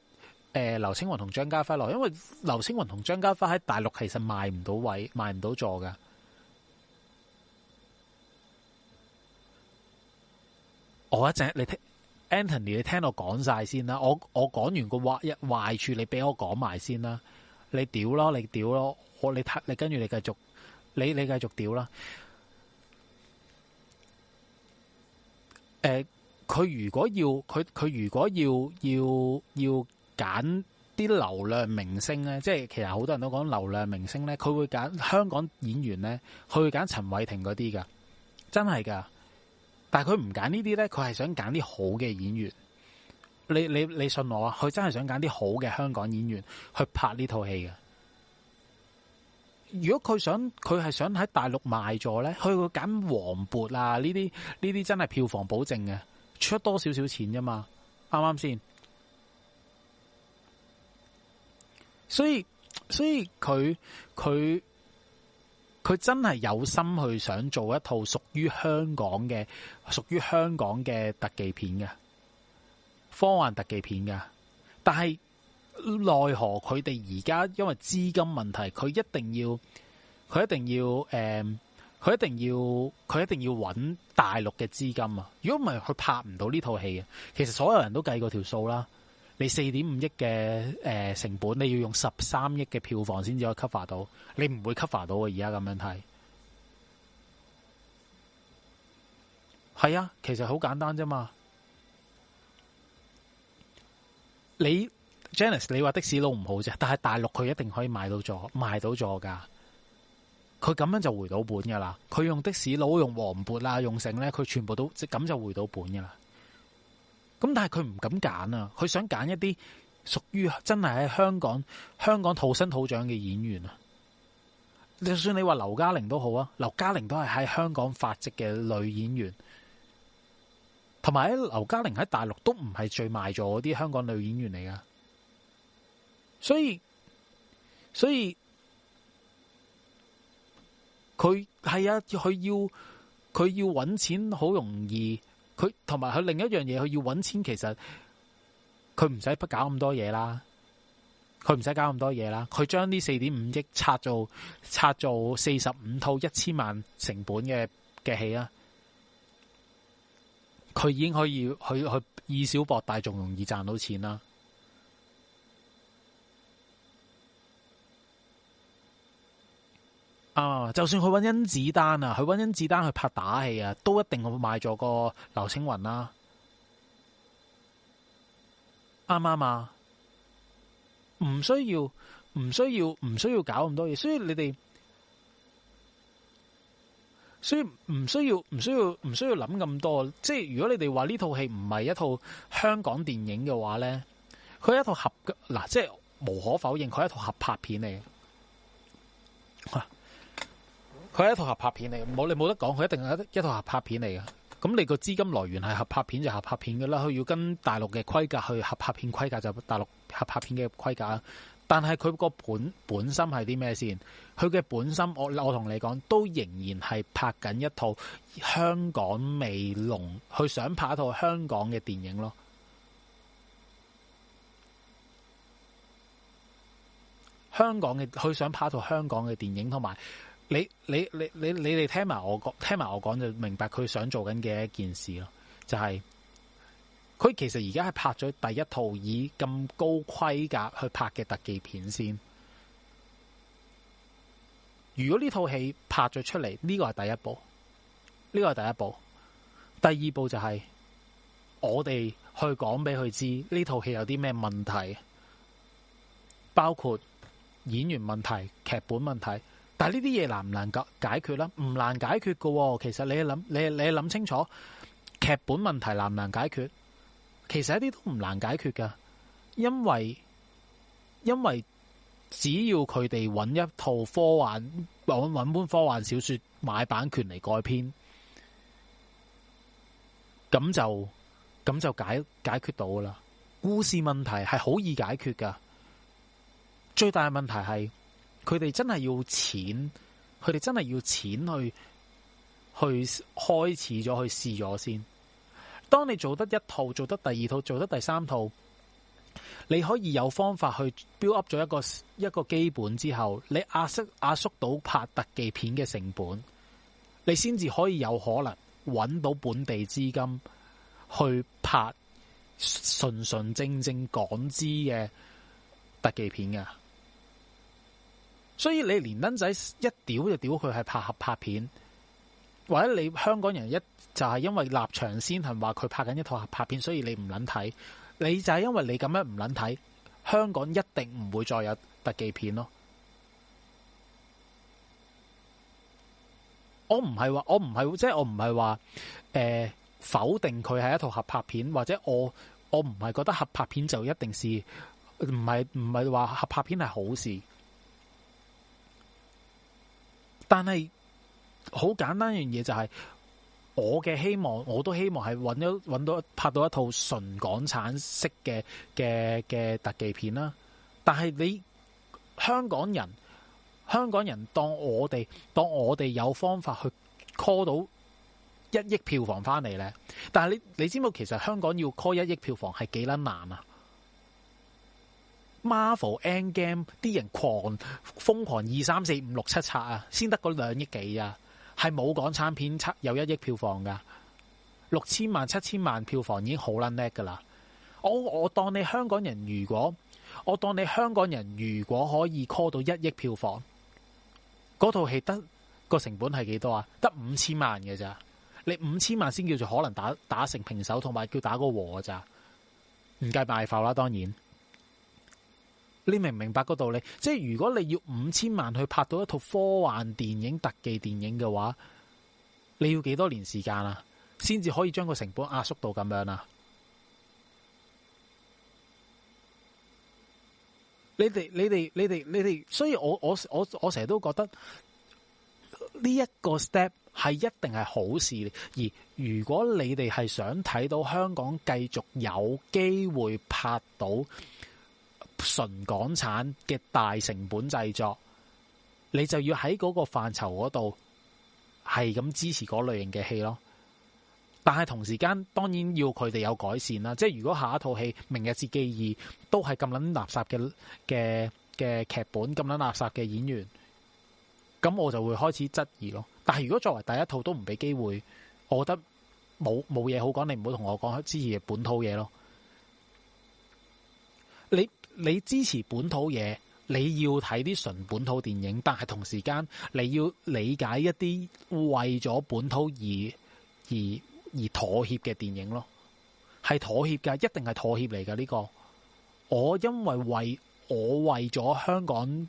呃，劉青雲同張家輝咯。因為劉青雲同張家輝喺大陸其實賣唔到位，賣唔到座噶。.我一陣，你聽 Anthony，你聽我講晒先啦。我我講完個壞一壞處，你俾我講埋先啦。你屌咯，你屌咯，我你睇你跟住你繼續，你你繼續屌啦。誒、呃，佢如果要佢佢如果要要要揀啲流量明星咧，即係其實好多人都講流量明星咧，佢會揀香港演員咧，佢會揀陳偉霆嗰啲㗎，真係㗎。但係佢唔揀呢啲咧，佢係想揀啲好嘅演員。你你你信我啊，佢真係想揀啲好嘅香港演員去拍呢套戲嘅。如果佢想，佢係想喺大陸賣座咧，佢會揀黃渤啊呢啲呢啲真係票房保證嘅，出多少少錢啫嘛，啱唔啱先？所以所以佢佢。佢真係有心去想做一套屬於香港嘅、屬於香港嘅特技片嘅科幻特技片㗎，但係奈何佢哋而家因為資金問題，佢一定要佢一定要，呃、佢一定要佢一定要揾大陸嘅資金啊。如果唔係，佢拍唔到呢套戲啊。其實所有人都計過條數啦。你四點五億嘅誒成本，你要用十三億嘅票房先至可以 cover 到，你唔會 cover 到啊！而家咁樣睇，係啊，其實好簡單啫嘛。你，Janice，你話的士佬唔好啫，但係大陸佢一定可以賣到座，賣到座噶。佢咁樣就回到本噶啦。佢用的士佬，用黃渤啊，用成咧，佢全部都即咁就回到本噶啦。咁但係佢唔敢揀啊！佢想揀一啲屬於真係喺香港、香港土生土長嘅演員啊！就算你話劉嘉玲都好啊，劉嘉玲都係喺香港發跡嘅女演員，同埋喺劉嘉玲喺大陸都唔係最賣座啲香港女演員嚟噶。所以，所以佢係啊，佢要佢要搵錢好容易。佢同埋佢另一樣嘢，佢要搵錢，其實佢唔使不搞咁多嘢啦，佢唔使搞咁多嘢啦，佢將呢四點五億拆做拆做四十五套一千萬成本嘅嘅戲啦，佢已經可以去去以小博大，仲容易賺到錢啦。啊！就算佢揾甄子丹啊，佢揾甄子丹去拍打戲啊，都一定會買咗個劉青雲啦，啱唔啱啊？唔需要，唔需要，唔需要搞咁多嘢。所以你哋，所以唔需要，唔需要，唔需要諗咁多。即係如果你哋話呢套戲唔係一套香港電影嘅話咧，佢係一套合嗱，即係無可否認，佢係一套合拍片嚟嘅。啊佢係一套合拍片嚟，冇你冇得講，佢一定係一套合拍片嚟嘅。咁你個資金來源係合拍片就合拍片噶啦，佢要跟大陸嘅規格去合拍片，規格就大陸合拍片嘅規格。但係佢個本本身係啲咩先？佢嘅本身，我我同你講，都仍然係拍緊一套香港味濃，佢想拍一套香港嘅電影咯。香港嘅，佢想拍一套香港嘅電影，同埋。你你你你你哋聽埋我講，聽埋我講就明白佢想做緊嘅一件事咯，就係佢其實而家係拍咗第一套以咁高規格去拍嘅特技片先。如果呢套戲拍咗出嚟，呢個係第一部，呢個係第一部。第二部就係我哋去講俾佢知呢套戲有啲咩問題，包括演員問題、劇本問題。但係呢啲嘢難唔難解解決啦？唔難解決嘅，其實你諗，你你諗清楚劇本問題難唔難解決？其實一啲都唔難解決㗎！因為因為只要佢哋揾一套科幻，揾本科幻小說買版權嚟改編，咁就咁就解解決到啦。故事問題係好易解決㗎，最大嘅問題係。佢哋真係要錢，佢哋真係要錢去去開始咗去試咗先。當你做得一套，做得第二套，做得第三套，你可以有方法去 build up 咗一個一個基本之後，你壓縮壓縮到拍特技片嘅成本，你先至可以有可能揾到本地資金去拍純純正正港資嘅特技片㗎。所以你連登仔一屌就屌佢係拍合拍片，或者你香港人一就係、是、因為立場先係話佢拍緊一套合拍片，所以你唔撚睇，你就係因為你咁樣唔撚睇，香港一定唔會再有特技片咯。我唔係話，我唔係即係我唔係話，誒、呃、否定佢係一套合拍片，或者我我唔係覺得合拍片就一定係唔係唔係話合拍片係好事。但係好簡單一樣嘢，就係就係我嘅希望，我都希望係揾咗揾到拍到一套純港產式嘅嘅嘅特技片啦。但係你香港人，香港人當我哋當我哋有方法去 call 到一億票房翻嚟咧。但係你你知唔知其實香港要 call 一億票房係幾撚難啊？Marvel Endgame 啲人瘋狂瘋狂二三四五六七拆啊，先得嗰兩億幾啊，係冇港產片七有一億票房噶，六千萬七千萬票房已經好撚叻噶啦。我我當你香港人如果我當你香港人如果可以 call 到一億票房，嗰套戲得個成本係幾多啊？得五千萬嘅咋？你五千萬先叫做可能打打成平手，同埋叫打個和咋？唔計賣埠啦，當然。你明唔明白嗰道理？即係如果你要五千萬去拍到一套科幻電影、特技電影嘅話，你要幾多年時間啊？先至可以將個成本壓縮到咁樣啊？你哋、你哋、你哋、你哋，所以我我我我成日都覺得呢一個 step 係一定係好事。而如果你哋係想睇到香港繼續有機會拍到，純港產嘅大成本製作，你就要喺嗰個範疇嗰度係咁支持嗰類型嘅戲咯。但係同時間，當然要佢哋有改善啦。即係如果下一套戲《明日之記二》都係咁捻垃圾嘅嘅嘅劇本，咁捻垃圾嘅演員，咁我就會開始質疑咯。但係如果作為第一套都唔俾機會，我覺得冇冇嘢好講。你唔好同我講支持嘅本土嘢咯。你。你支持本土嘢，你要睇啲純本土電影，但係同時間你要理解一啲為咗本土而而而妥協嘅電影咯，係妥協嘅，一定係妥協嚟嘅呢個。我因為為我為咗香港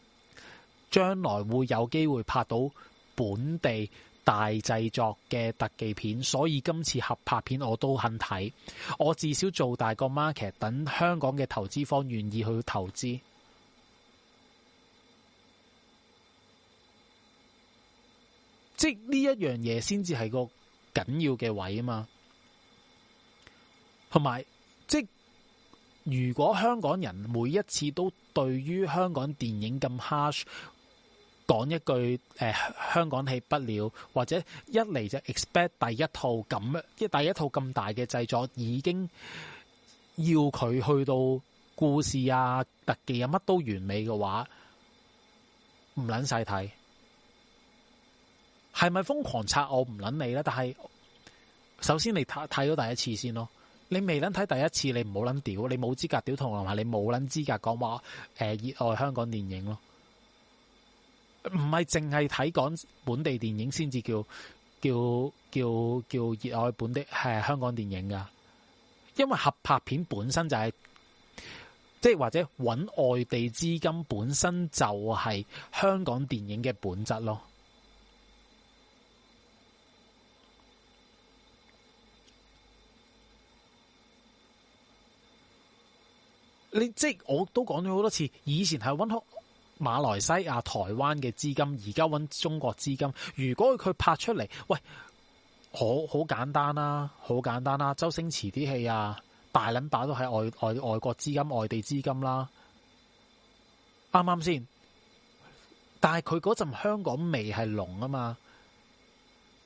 將來會有機會拍到本地。大製作嘅特技片，所以今次合拍片我都肯睇。我至少做大個 market，等香港嘅投資方願意去投資。即呢一樣嘢先至係個緊要嘅位啊嘛。同埋，即如果香港人每一次都對於香港電影咁 harsh 講一句誒、呃，香港戲不了，或者一嚟就 expect 第一套咁，即係第一套咁大嘅製作已經要佢去到故事啊、特技啊乜都完美嘅話，唔撚晒睇。係咪瘋狂拆？我唔撚你啦。但係首先你睇睇咗第一次先咯。你未撚睇第一次，你唔好撚屌，你冇資格屌同埋你冇撚資格講話誒熱愛香港電影咯。唔係淨係睇港本地電影先至叫叫叫叫熱愛本地係香港電影噶，因為合拍片本身就係即係或者揾外地資金本身就係香港電影嘅本質咯。你即係我都講咗好多次，以前係揾馬來西亞、台灣嘅資金，而家揾中國資金。如果佢拍出嚟，喂，好好簡單啦、啊，好簡單啦、啊。周星馳啲戲啊，大捻把都係外外外國資金、外地資金啦、啊。啱啱先，但係佢嗰陣香港味係濃啊嘛。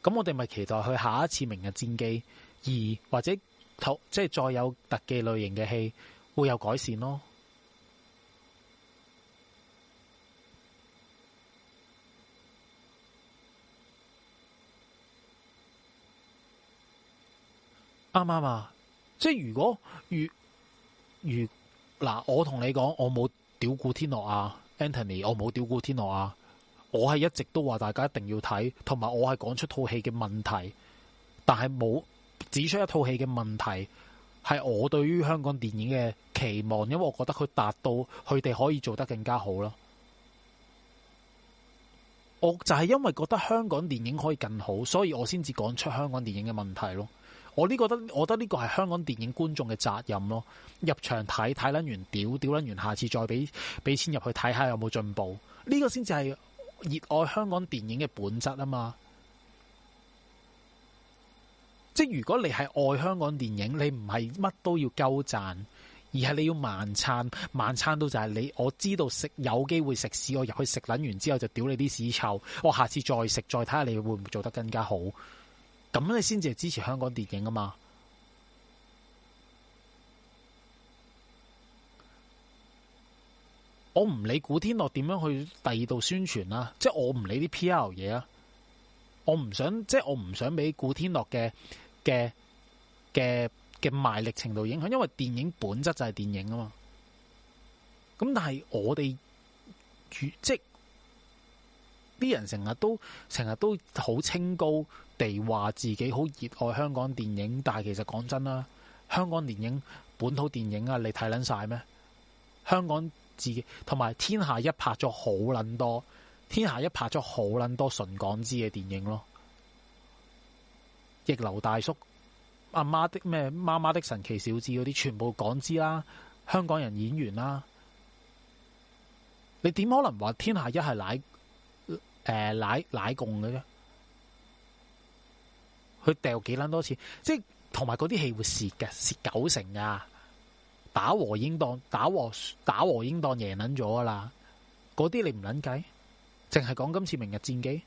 咁我哋咪期待佢下一次《明日戰記》二，或者即係再有特技類型嘅戲會有改善咯。啱啱啊！即係如果如如，嗱，我同你講，我冇屌顧天樂啊，Anthony，我冇屌顧天樂啊。我係一直都話大家一定要睇，同埋我係講出套戲嘅問題，但係冇指出一套戲嘅問題，係我對於香港電影嘅期望，因為我覺得佢達到佢哋可以做得更加好咯。我就係因為覺得香港電影可以更好，所以我先至講出香港電影嘅問題咯。我呢覺得，我覺得呢個係香港電影觀眾嘅責任咯。入場睇睇撚完，屌屌撚完，下次再俾俾錢入去睇下有冇進步。呢個先至係熱愛香港電影嘅本質啊嘛！即係如果你係愛香港電影，你唔係乜都要鳩讚，而係你要慢餐。慢餐都就係你我知道食有機會食屎，我入去食撚完之後就屌你啲屎臭，我下次再食再睇下你會唔會做得更加好。咁你先至係支持香港電影啊嘛，我、就是我，我唔理、就是、古天樂點樣去第二度宣傳啦，即係我唔理啲 PR 嘢啊。我唔想，即係我唔想俾古天樂嘅嘅嘅嘅賣力程度影響，因為電影本質就係電影啊嘛。咁但係我哋即啲人成日都成日都好清高。地話自己好熱愛香港電影，但係其實講真啦，香港電影本土電影啊，你睇捻晒咩？香港自己同埋天下一拍咗好捻多，天下一拍咗好捻多純港資嘅電影咯，逆流 大叔、阿、啊、媽的咩媽媽的神奇小子嗰啲，全部港資啦，香港人演員啦，你點可能話天下一係奶誒奶奶共嘅啫？佢掉幾撚多次，即同埋嗰啲戲會蝕嘅，蝕九成啊！打和應當打和打和應當贏撚咗啦！嗰啲你唔撚計，淨係講今次明日戰記，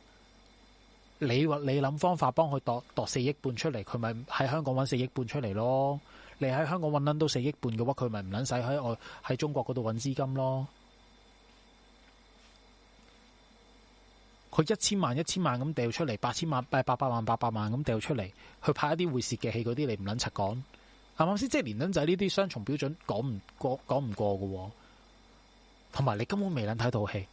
你你諗方法幫佢度度四億半出嚟，佢咪喺香港搵四億半出嚟咯？你喺香港搵撚到四億半嘅話，佢咪唔撚使喺外喺中國嗰度搵資金咯？佢一千萬一千萬咁掉出嚟，八千萬八八百萬八百萬咁掉出嚟，去拍一啲會蝕嘅戲嗰啲，你唔捻柒講，啱唔啱先？即係連捻仔呢啲雙重標準講唔過，講唔過嘅，同埋你根本未捻睇套戲，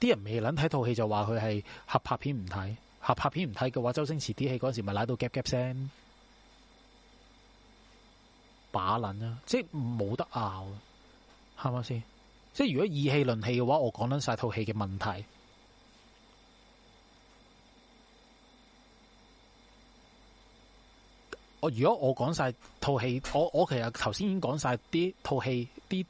啲人未捻睇套戲就話佢係合拍片唔睇，合拍片唔睇嘅話，周星馳啲戲嗰陣時咪瀨到夾夾聲，把捻啦，即係冇得拗，係咪先？即係如果以戲論戲嘅話，我講緊晒套戲嘅問題。我如果我講晒套戲，我我其實頭先已經講晒啲套戲啲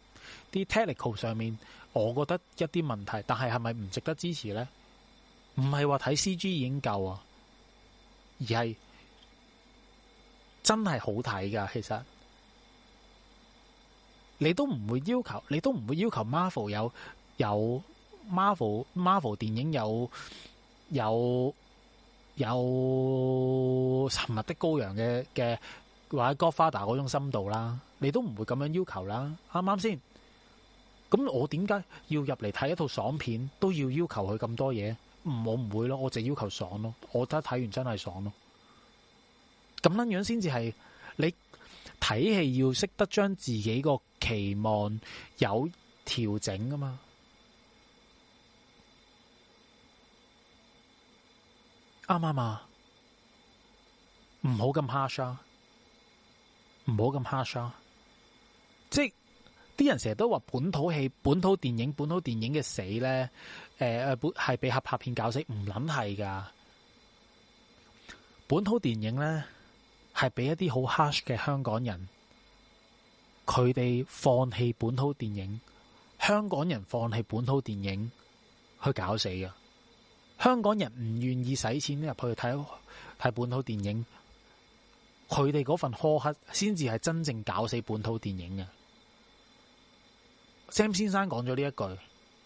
啲 technical 上面，我覺得一啲問題，但係係咪唔值得支持咧？唔係話睇 CG 已經夠啊，而係真係好睇噶，其實。你都唔會要求，你都唔會要求 Marvel 有有 Marvel Marvel 電影有有有《沉默的羔羊》嘅嘅或者 Godfather 嗰種深度啦，你都唔會咁樣要求啦。啱唔啱先？咁我點解要入嚟睇一套爽片都要要求佢咁多嘢？我唔會咯，我就要求爽咯。我覺得睇完真係爽咯。咁樣樣先至係你。睇戲要識得將自己個期望有調整噶嘛，啱啱啊？
唔好
咁 hush 啊，唔好咁 hush 啊！即係啲人成日都話本土戲、本土電影、本土電影嘅死咧，誒誒，係被合拍片搞死，唔諗係噶，本土電影咧。係俾一啲好 harsh 嘅香港人，佢哋放棄本土電影，香港人放棄本土電影去搞死嘅。香港人唔願意使錢入去睇睇本土電影，佢哋嗰份苛刻，先至係真正搞死本土電影嘅。Sam 先生講咗呢一句，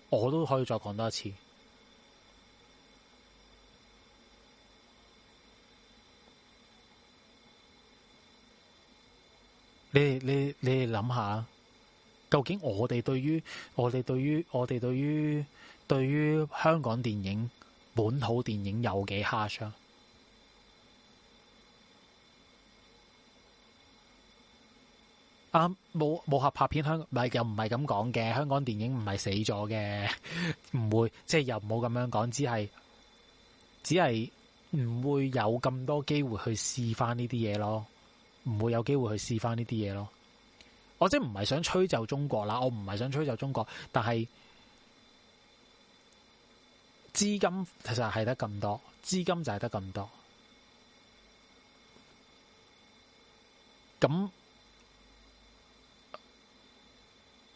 我都可以再講多一次。你你你諗下，究竟我哋對於我哋對於我哋對於對於香港電影本土電影有幾蝦傷？啊冇冇合拍片香咪又唔係咁講嘅，香港電影唔係死咗嘅，唔會即係、就是、又冇咁樣講，只係只係唔會有咁多機會去試翻呢啲嘢咯。唔會有機會去試翻呢啲嘢咯。我即唔係想吹就中國啦，我唔係想吹就中國，但係資金其實係得咁多，資金就係得咁多。咁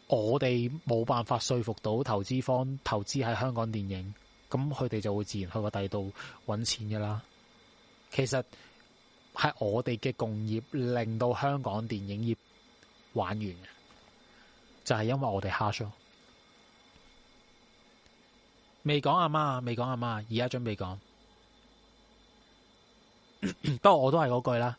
我哋冇辦法說服到投資方投資喺香港電影，咁佢哋就會自然去個第度揾錢㗎喇。其實。係我哋嘅共業，令到香港電影業玩完嘅，就係因為我哋 hush，未講阿媽，未講阿媽，而家準備講。不過我都係嗰句啦，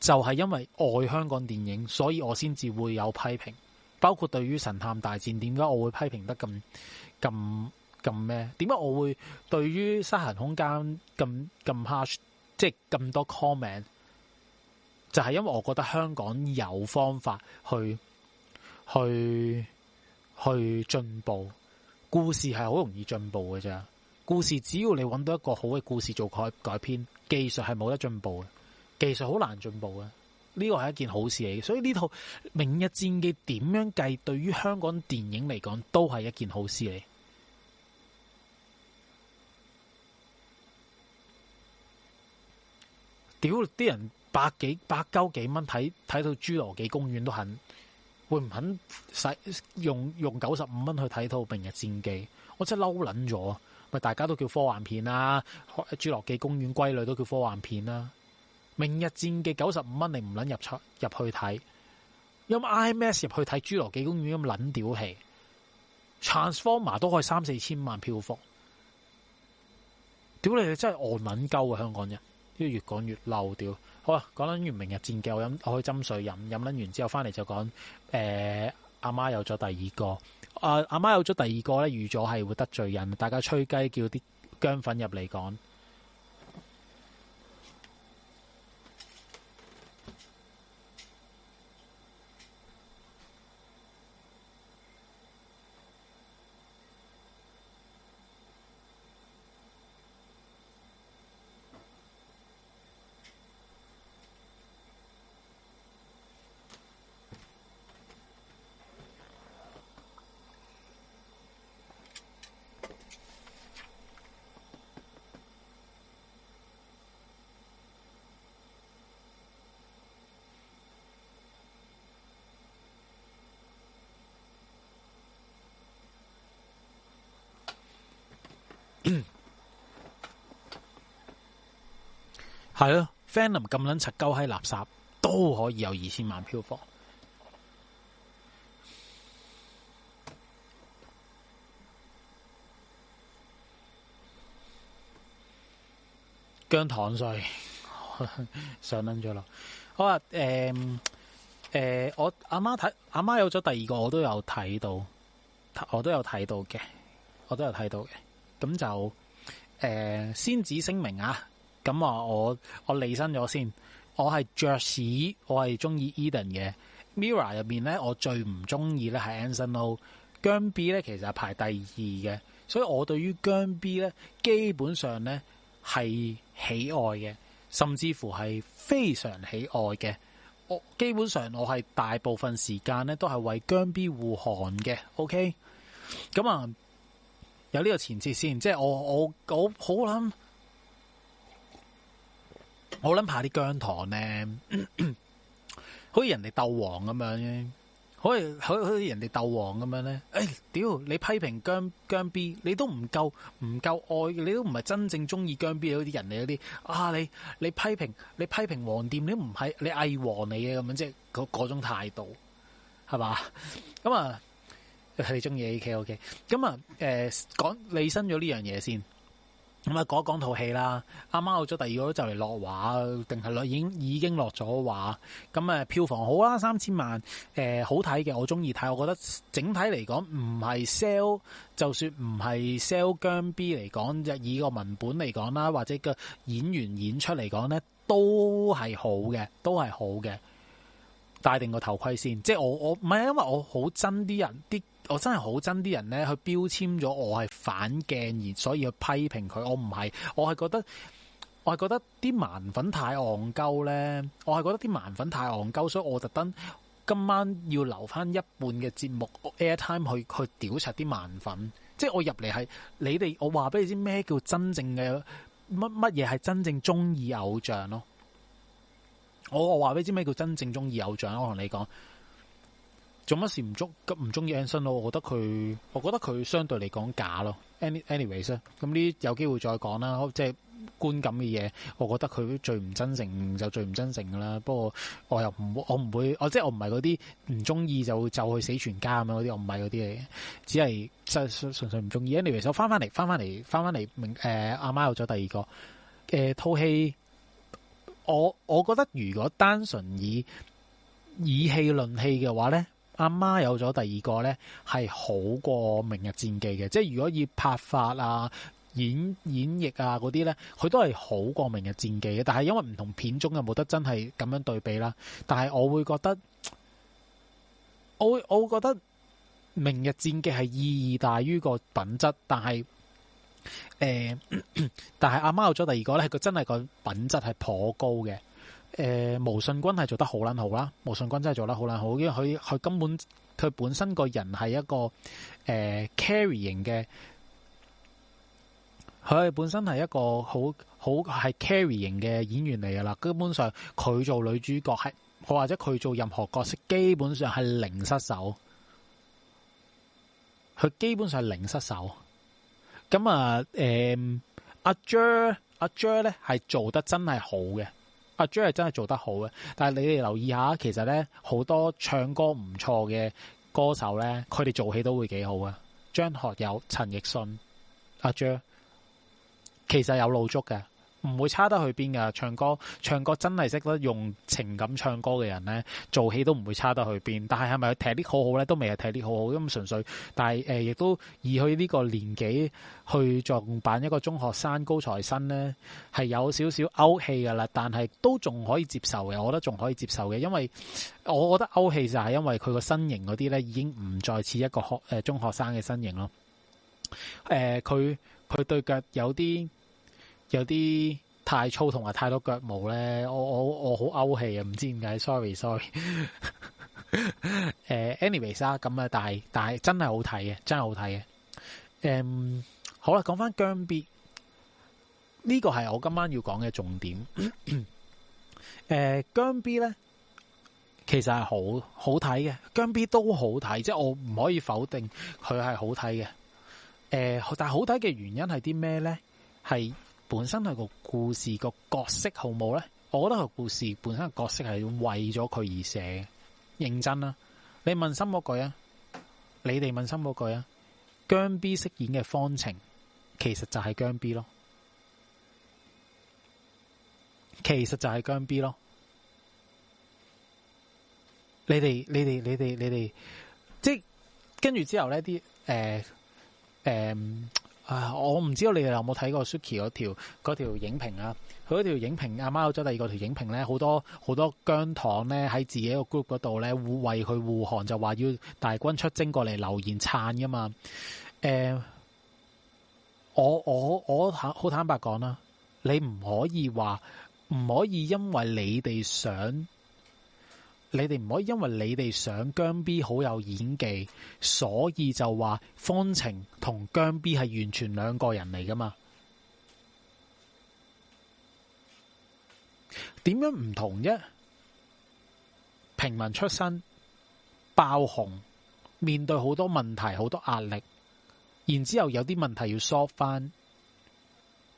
就係因為愛香港電影，所以我先至會有批評。包括對於神探大戰，點解我會批評得咁咁咁咩？點解我會對於沙塵空間咁咁 harsh，即係咁多 comment？就係因為我覺得香港有方法去去去進步，故事係好容易進步嘅啫。故事只要你揾到一個好嘅故事做改改編，技術係冇得進步嘅，技術好難進步嘅。呢個係一件好事嚟，所以呢套《明日戰記》點樣計，對於香港電影嚟講都係一件好事嚟。屌，啲人。百幾百鳩幾蚊睇睇套到《侏羅紀公園》都肯，會唔肯使用用九十五蚊去睇套《明日戰記》？我真係嬲撚咗，咪大家都叫科幻片啦、啊，《侏羅紀公園》歸類都叫科幻片啦、啊，《明日戰記》九十五蚊你唔撚入出入去睇，咁 IMAX 入去睇《侏羅紀公園》咁撚屌氣，《Transformer》都可以三四千萬票房，屌你哋真係戇撚鳩嘅香港人，越講越嬲屌。好啦，講緊完明日戰記，我飲我去斟水飲飲撚完之後翻嚟就講，誒阿媽有咗第二個，啊阿媽有咗第二個咧，預咗係會得罪人，大家吹雞叫啲姜粉入嚟講。係咯，Venom 咁撚柒鳩喺垃圾都可以有二千萬票房。姜糖水， 上撚咗咯。好啊，誒誒，我阿媽睇阿媽有咗第二個，我都有睇到，我都有睇到嘅，我都有睇到嘅。咁就誒、呃，先至聲明啊！咁啊！我我理身咗先，我係爵士，我係中意 Eden 嘅。Mirror 入面咧，我最唔中意咧係 Anson Lo。姜 B 咧其實係排第二嘅，所以我對於姜 B 咧基本上咧係喜愛嘅，甚至乎係非常喜愛嘅。我基本上我係大部分時間咧都係為姜 B 護航嘅。OK，咁啊，有呢個前設先，即係我我我好諗。我諗怕啲姜糖咧，好似人哋斗王咁樣，好似好好似人哋斗王咁樣咧。哎，屌！你批評姜姜 B，你都唔夠唔夠愛，你都唔係真正中意姜 B 嗰啲人嚟嗰啲。啊，你你批評你批評黃店，你都唔係你偽黃嚟嘅咁樣，即係嗰嗰種態度，係嘛？咁啊，你中意 A K O K。咁啊，誒、呃，講你新咗呢樣嘢先。咁啊，講講套戲啦。啱啱我咗第二個就嚟落畫，定係落已經已經落咗畫。咁啊，票房好啦，三千萬。呃，好睇嘅，我中意睇。我覺得整體嚟講，唔係 sell，就算唔係 sell 姜 B 嚟講，就以個文本嚟講啦，或者個演員演出嚟講咧，都係好嘅，都係好嘅。戴定個頭盔先，即係我我唔係因為我好憎啲人啲。我真係好憎啲人咧，去標籤咗我係反鏡而，所以去批評佢。我唔係，我係覺得，我係覺得啲盲粉太戇鳩咧。我係覺得啲盲粉太戇鳩，所以我特登今晚要留翻一半嘅節目 airtime 去去調查啲盲粉。即係我入嚟係你哋，我話俾你知咩叫真正嘅乜乜嘢係真正中意偶像咯。我我話俾你知咩叫真正中意偶像，我同你講。做乜事唔中咁唔中意 Anson 咯？我覺得佢，anyway，我覺得佢相對嚟講假咯。Anyways 咧，咁呢啲有機會再講啦。即係觀感嘅嘢，我覺得佢最唔真誠就最唔真誠噶啦。不過我又唔，我唔會，我即係我唔係嗰啲唔中意就就去死全家咁樣嗰啲，我唔係嗰啲嚟嘅，只係就純粹唔中意。anyways，我翻翻嚟，翻翻嚟，翻翻嚟明誒、呃、阿媽有咗第二個誒、呃、套戲，我我覺得如果單純以以戲論戲嘅話咧。阿媽有咗第二個呢，係好過《明日戰記》嘅。即係如果以拍法啊、演演繹啊嗰啲呢，佢都係好過《明日戰記》嘅。但係因為唔同片種又冇得真係咁樣對比啦。但係我會覺得，我會我會覺得《明日戰記》係意義大於個品質。但係，呃，但係阿媽有咗第二個咧，佢真係個品質係頗高嘅。誒、呃，毛舜筠係做得很好撚好啦。毛舜筠真係做得好撚好，因為佢佢根本佢本身個人係一個誒 carry 型嘅，佢、呃、係本身係一個好好係 carry 型嘅演員嚟噶啦。基本上佢做女主角係，或者佢做任何角色，基本上係零失手，佢基本上係零失手。咁啊，誒、呃，阿 Joe 阿 Joe 咧係做得真係好嘅。阿 j 真係做得好嘅，但係你哋留意下，其實咧好多唱歌唔錯嘅歌手咧，佢哋做戲都會幾好啊，張學友、陳奕迅，阿 j 其實有露足嘅。唔會差得去邊㗎，唱歌唱歌真係識得用情感唱歌嘅人呢，做戲都唔會差得去邊。但係係咪踢啲好好呢？都未係踢啲好好，咁純粹。但係亦、呃、都以佢呢個年紀去作扮一個中學生高材生呢，係有少少歐氣㗎啦。但係都仲可以接受嘅，我覺得仲可以接受嘅，因為我覺得歐氣就係因為佢個身形嗰啲呢，已經唔再似一個中學生嘅身形咯。佢、呃、佢對腳有啲。有啲太粗同埋太多腳毛咧，我我我好歐氣啊！唔知點解，sorry sorry。誒 ，anyways 啦，咁啊，但係但係真係好睇嘅，真係好睇嘅。誒、um,，好啦，講翻姜 B 呢個係我今晚要講嘅重點。誒、 uh,，姜 B 咧其實係好好睇嘅，姜 B 都好睇，即係我唔可以否定佢係好睇嘅。誒、uh,，但係好睇嘅原因係啲咩咧？係本身係個故事個角色好冇咧？我覺得個故事本身個角色係為咗佢而寫的，認真啦、啊。你問心嗰句啊，你哋問心嗰句啊，姜 B 飾演嘅方程，其實就係姜 B 咯，其實就係姜 B 咯。你哋你哋你哋你哋，即係跟住之後咧啲誒誒。呃呃啊！我唔知道你哋有冇睇過 Suki 嗰條嗰條影評啊？佢嗰條影評阿貓走第二個條影評咧，好多好多姜糖咧喺自己個 group 嗰度咧，護為佢護航，就話要大軍出征過嚟留言撐噶嘛。誒，我我我坦好坦白講啦，你唔可以話唔可以，因為你哋想。你哋唔可以因為你哋想姜 B 好有演技，所以就話方程同姜 B 係完全兩個人嚟㗎嘛。點樣唔同啫？平民出身，爆紅，面對好多問題，好多壓力，然之後有啲問題要疏返。翻。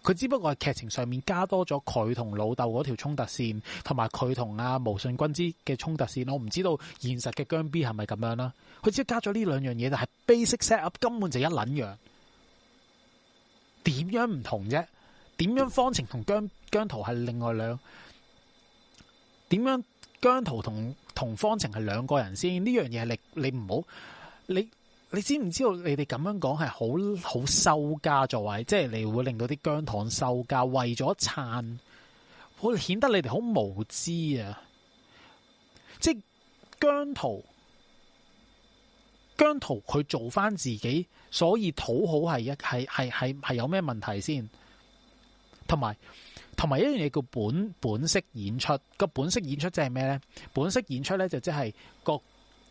佢只不過係劇情上面加多咗佢同老豆嗰條衝突線，同埋佢同阿吳信君之嘅衝突線。我唔知道現實嘅姜 B 係咪咁樣啦、啊。佢只係加咗呢兩樣嘢，但係 basic set up 根本就一撚樣。點樣唔同啫？點樣方程同姜姜濤係另外兩？點樣姜濤同同方程係兩個人先？呢樣嘢你你唔好你。你你知唔知道你？你哋咁樣講係好好收家作為，即係你會令到啲姜糖收家，為咗撐，會顯得你哋好無知啊！即係姜濤，姜濤佢做返自己，所以討好係一係係係係有咩問題先？同埋同埋一樣嘢叫本本色演出。個本色演出即係咩呢？本色演出呢，就即係個。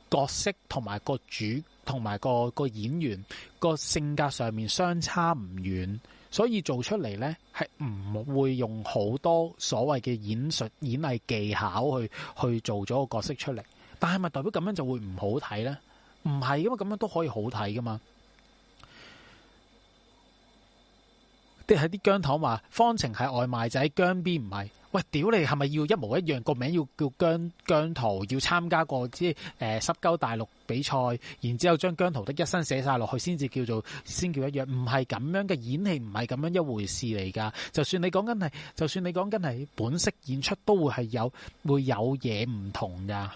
角色同埋個主同埋個個演員個性格上面相差唔遠，所以做出嚟呢係唔會用好多所謂嘅演術、演藝技巧去去做咗個角色出嚟。但係咪代表咁樣就會唔好睇呢？唔係，因為咁樣都可以好睇噶嘛。啲係啲姜糖話，方程係外賣仔，就是、姜邊唔係。屌你，係咪要一模一樣？個名要叫姜姜濤，要參加個即係誒濕鳩大陸比賽，然之後將姜濤的一生寫晒落去，先至叫做先叫一樣。唔係咁樣嘅演戲，唔係咁樣一回事嚟噶。就算你講緊係，就算你講緊係本色演出，都會係有會有嘢唔同噶。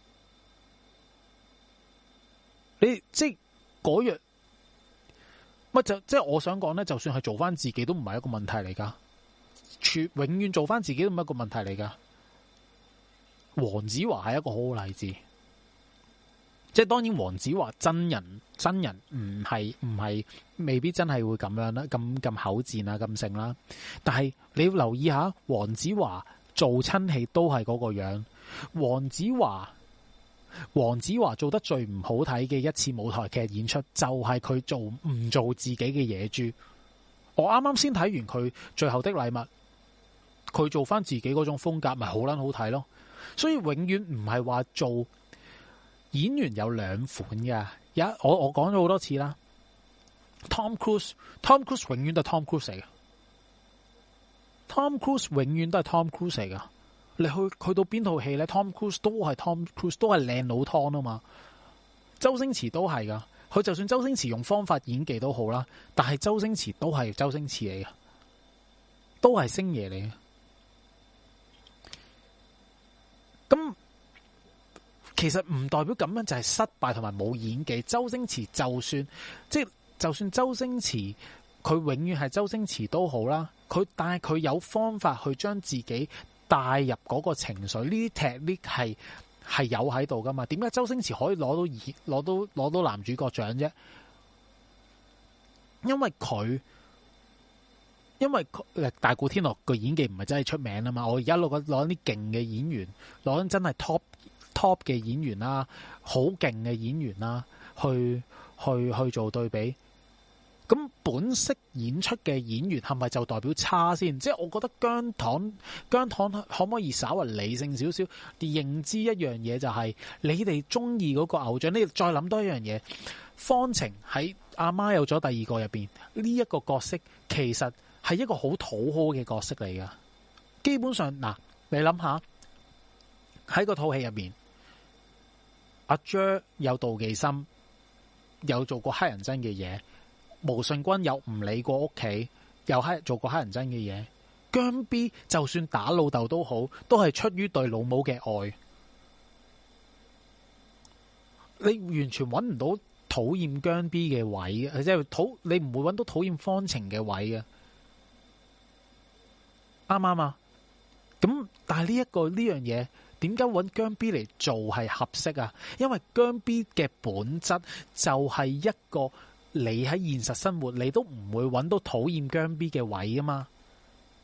你即係嗰樣。就即係我想講咧，就算係做翻自己都唔係一個問題嚟噶，永遠做翻自己都唔係一個問題嚟噶。黃子華係一個好好例子，即係當然黃子華真人真人唔係唔係未必真係會咁樣啦，咁咁口賤啊，咁盛啦。但係你要留意下，黃子華做親戲都係嗰個樣，黃子華。黃子華做得最唔好睇嘅一次舞台劇演出，就係佢做唔做自己嘅野豬。我啱啱先睇完佢最後的禮物，佢做翻自己嗰種風格，咪好捻好睇咯。所以永遠唔係話做演員有兩款噶。我我講咗好多次啦，Tom Cruise，Tom Cruise 永遠都係 Tom Cruise 嚟噶。Tom Cruise 永遠都係 Tom Cruise 嚟噶。你去去到邊套戲咧？Tom Cruise 都係 Tom Cruise，都係靚佬湯啊嘛！周星馳都係噶，佢就算周星馳用方法演技都好啦，但係周星馳都係周星馳嚟噶，都係星爺嚟嘅。咁其實唔代表咁樣就係失敗同埋冇演技。周星馳就算即係，就算周星馳佢永遠係周星馳都好啦。佢但係佢有方法去將自己。帶入嗰個情緒，呢啲踢呢係係有喺度噶嘛？點解周星馳可以攞到攞到攞到男主角獎啫？因為佢因為大古天樂個演技唔係真係出名啦嘛。我而家攞攞啲勁嘅演員，攞啲真係 top top 嘅演員啦，好勁嘅演員啦，去去去做對比。咁本色演出嘅演員係咪就代表差先？即係我覺得姜糖姜糖可唔可以稍微理性少少？認認知一樣嘢就係、是、你哋中意嗰個偶像。你再諗多一樣嘢，方晴喺阿媽有咗第二個入邊呢一個角色，其實係一個好討好嘅角色嚟噶。基本上嗱，你諗下喺個套戲入邊，阿 j 有妒忌心，有做過黑人憎嘅嘢。無信君又唔理過屋企，又黑做過黑人憎嘅嘢。姜 B 就算打老豆都好，都係出於對老母嘅愛。你完全揾唔到討厭姜 B 嘅位嘅，即係討你唔會揾到討厭方程嘅位嘅。啱唔啱啊？咁但係呢一個呢樣嘢，點解揾姜 B 嚟做係合適啊？因為姜 B 嘅本質就係一個。你喺現實生活，你都唔會揾到討厭姜 B 嘅位啊嘛，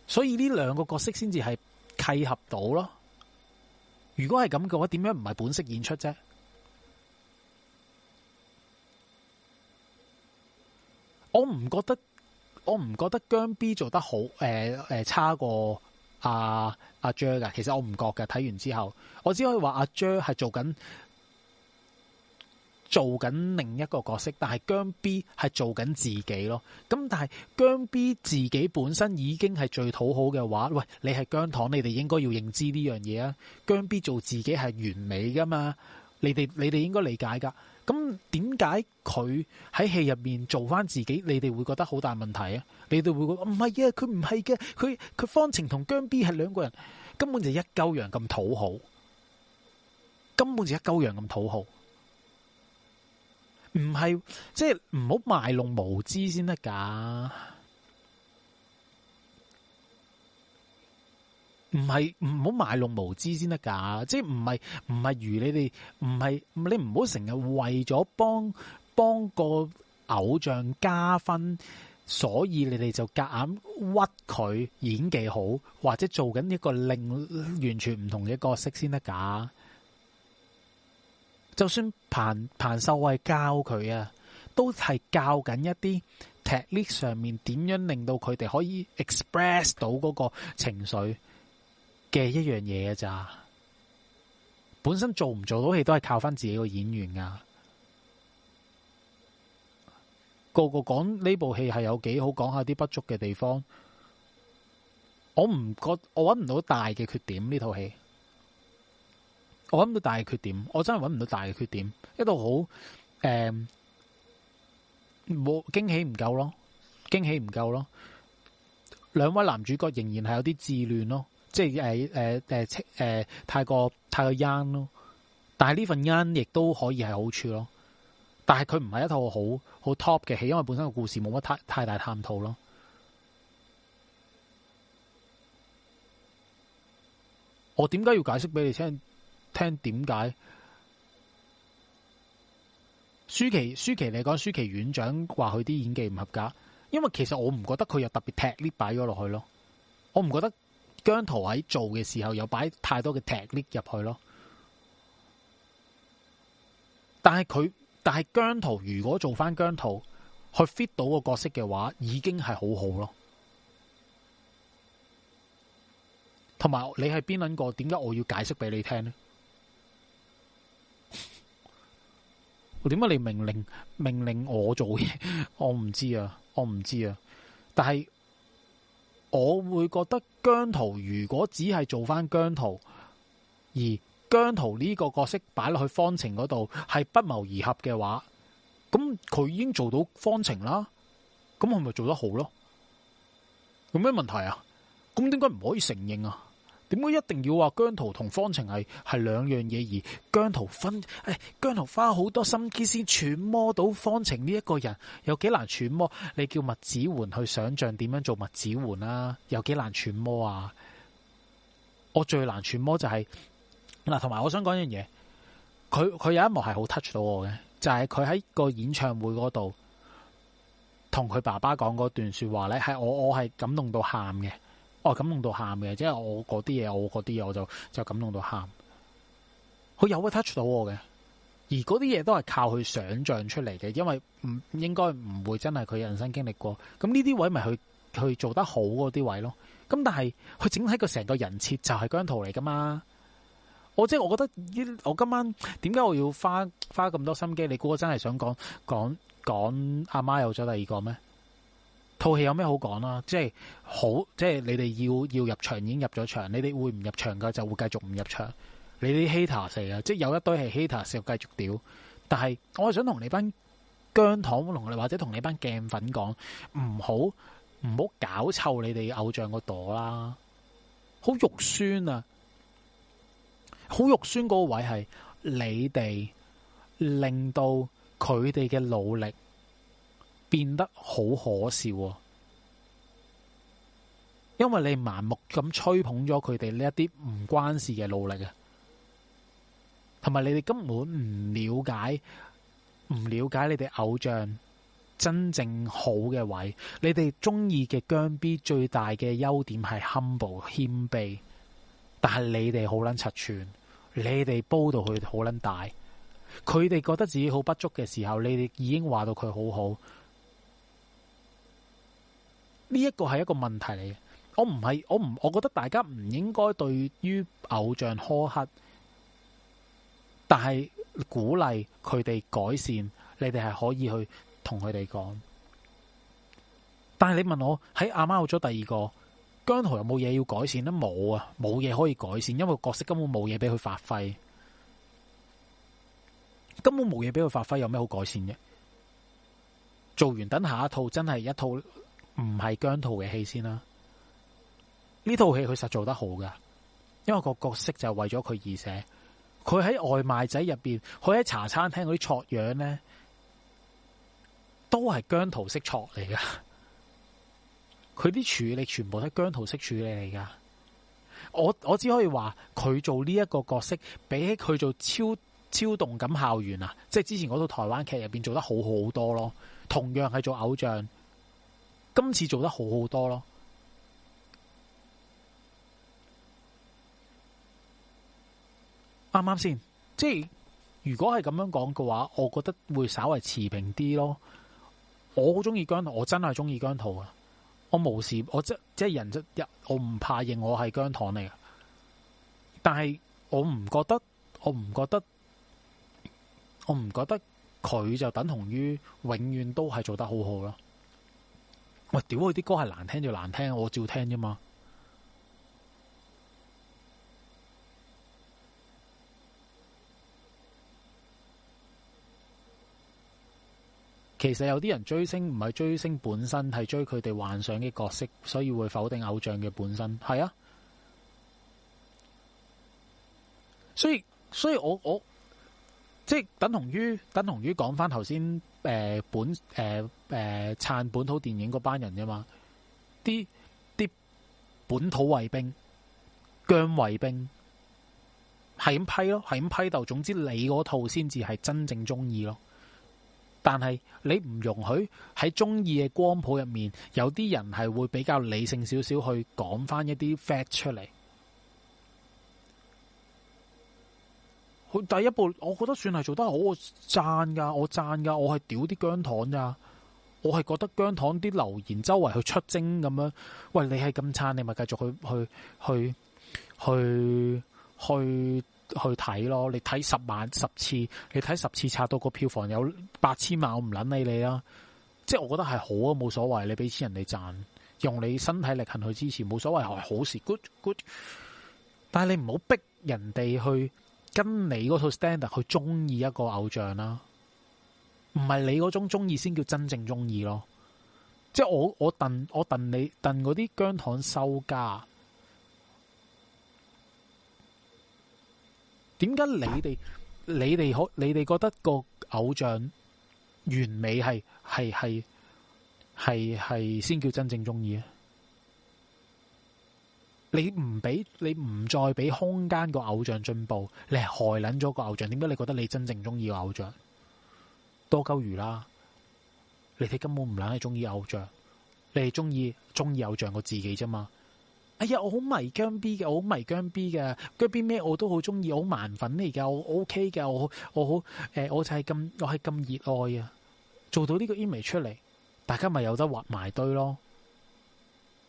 所以呢兩個角色先至係契合到咯。如果係咁嘅話，點樣唔係本色演出啫？我唔覺得，我唔覺得姜 B 做得好誒誒，呃呃，差過阿阿 Joe 噶。其實我唔覺嘅，睇完之後，我只可以話阿 Joe 係做緊。做緊另一個角色，但係姜 B 係做緊自己咯。咁但係姜 B 自己本身已經係最討好嘅話，喂，你係姜糖，你哋應該要認知呢樣嘢啊。姜 B 做自己係完美噶嘛，你哋你哋應該理解噶。咁點解佢喺戲入面做翻自己，你哋會覺得好大問題啊？你哋會覺得唔係嘅，佢唔係嘅，佢佢方程同姜 B 係兩個人，根本就一鳩羊咁討好，根本就一鳩羊咁討好。唔係，即係唔好賣弄無知先得噶。唔係唔好賣弄無知先得噶，即係唔係唔係如你哋唔係你唔好成日為咗幫幫個偶像加分，所以你哋就夾硬屈佢演技好，或者做緊一個另完全唔同嘅角色先得噶。就算彭彭秀慧教佢啊，都係教緊一啲 technique 上面點樣令到佢哋可以 express 到嗰個情緒嘅一樣嘢咋。本身做唔做到戲都係靠翻自己個演員啊。個個講呢部戲係有幾好，講下啲不足嘅地方。我唔覺，我搵唔到大嘅缺點呢套戲。我諗到大嘅缺點，我真係搵唔到大嘅缺點，一度好誒，冇，驚喜唔夠咯，驚喜唔夠咯。兩位男主角仍然係有啲自戀咯，即係誒誒誒，誒、呃呃呃呃、太過太過 young 咯。但係呢份 young 亦都可以係好處咯。但係佢唔係一套好好 top 嘅戲，因為本身個故事冇乜太太大探討咯。我點解要解釋俾你聽？聽點解？舒淇，舒淇你講舒淇院長話佢啲演技唔合格，因為其實我唔覺得佢有特別踢 lift 擺咗落去咯，我唔覺得姜濤喺做嘅時候有擺太多嘅踢 lift 入去咯。但係佢，但係姜濤如果做翻姜濤去 fit 到個角色嘅話，已經係好好咯。同埋你係邊撚個？點解我要解釋俾你聽呢？我點解你命令命令我做嘢？我唔知啊，我唔知啊。但係我會覺得姜濤如果只係做翻姜濤，而姜濤呢個角色擺落去方程嗰度係不謀而合嘅話，咁佢已經做到方程啦。咁係咪做得好咯？有咩問題啊？咁點解唔可以承認啊？點解一定要話姜濤同方程係係兩樣嘢，而姜濤分，誒、哎、姜濤花好多心機先揣摩到方程呢一個人，有幾難揣摩？你叫麥子煥去想象點樣做麥子煥啦，啊？有幾難揣摩啊？我最難揣摩就係、是、嗱，同埋我想講一樣嘢，佢佢有一幕係好 touch 到我嘅，就係佢喺個演唱會嗰度同佢爸爸講嗰段說話咧，係我我係感動到喊嘅。我、哦、感動到喊嘅，即係我嗰啲嘢，我嗰啲嘢，我就就感動到喊。佢有會 touch 到我嘅，而嗰啲嘢都係靠佢想象出嚟嘅，因為唔應該唔會真係佢人生經歷過。咁呢啲位咪去去做得好嗰啲位咯。咁但係佢整體個成個人設就係姜濤嚟噶嘛。我即係我覺得，我今晚點解我要花花咁多心機？你估我真係想講講講阿媽有咗第二個咩？套戲有咩好講啦？即係好，即係你哋要要入場已經入咗場，你哋會唔入場㗎，就會繼續唔入場。你啲 hater 嚟，即係有一堆係 hater 繼續繼續屌。但係我係想同你班姜糖或者同你班鏡粉講，唔好唔好搞臭你哋偶像個朵啦。好肉酸啊！好肉酸嗰個位係你哋令到佢哋嘅努力。變得好可笑哦，因為你盲目咁吹捧咗佢哋呢一啲唔關事嘅努力啊，同埋你哋根本唔了解，唔了解你哋偶像真正好嘅位。你哋中意嘅姜 B 最大嘅優點係 humble 謙卑，但係你哋好捻七寸，你哋煲到佢好捻大，佢哋覺得自己好不足嘅時候，你哋已經話到佢好好。呢、這、一個係一個問題嚟嘅，我唔係我唔，我覺得大家唔應該對於偶像苛刻，但係鼓勵佢哋改善，你哋係可以去同佢哋講。但係你問我喺阿媽有咗第二個姜濤有冇嘢要改善咧？冇啊，冇嘢可以改善，因為角色根本冇嘢俾佢發揮，根本冇嘢俾佢發揮，有咩好改善啫？做完等下一套真係一套。唔係姜濤嘅戲先啦，呢套戲佢實做得好噶因為個角色就係為咗佢而寫。佢喺外賣仔入邊，佢喺茶餐廳嗰啲挫樣呢，都係姜濤式挫嚟噶佢啲處理全部都係姜濤式處理嚟噶我我只可以話佢做呢一個角色，比起佢做超超動感校園啊，即係之前嗰套台灣劇入邊做得好好多咯。同樣係做偶像。今次做得好好多咯，啱啱先，即係如果係咁樣講嘅話，我覺得會稍微持平啲咯。我好中意姜濤，我真係中意姜濤啊！我無視我即即係人即日，我唔怕認我係姜糖嚟嘅。但係我唔覺得，我唔覺得，我唔覺得佢就等同於永遠都係做得好好咯。我屌佢啲歌係難聽就難聽，我照聽啫嘛。其實有啲人追星唔係追星本身，係追佢哋幻想嘅角色，所以會否定偶像嘅本身。係啊，所以所以我我即等同於等同於講返頭先誒本誒。呃誒、呃，撐本土電影嗰班人啫嘛，啲啲本土衞兵、姜衞兵係咁批咯，係咁批鬥。總之你嗰套先至係真正中意咯。但係你唔容許喺中意嘅光譜入面，有啲人係會比較理性少少去講翻一啲 fact 出嚟。佢第一部，我覺得算係做得好，讚㗎，我讚㗎，我係屌啲姜糖咋。我係覺得姜糖啲留言周圍去出征咁樣，喂，你係咁差，你咪繼續去去去去去去睇咯。你睇十萬十次，你睇十次刷到個票房有八千萬，我唔捻，理你啦！即係我覺得係好啊，冇所謂。你俾錢人哋賺，用你身體力行去支持，冇所謂係好事。Good good。但係你唔好逼人哋去跟你嗰套 standard 去中意一個偶像啦。唔係你嗰種中意先叫真正中意咯，即係我我鄧我鄧你鄧嗰啲姜糖收家，點解你哋你哋可你哋覺得個偶像完美係係係係係先叫真正中意啊？你唔俾你唔再俾空間個偶像進步，你係害捻咗個偶像。點解你覺得你真正中意個偶像？多鳩魚啦！你哋根本唔卵係中意偶像，你哋中意中意偶像過自己啫嘛？哎呀，我好迷姜 B 嘅，我好迷姜 B 嘅，姜 B 咩我都好中意，好蠻粉嚟㗎，我 O K 嘅，我、OK、我，我好誒、呃，我就係咁，我係咁熱愛啊！做到呢個 image 出嚟，大家咪有得畫埋堆咯，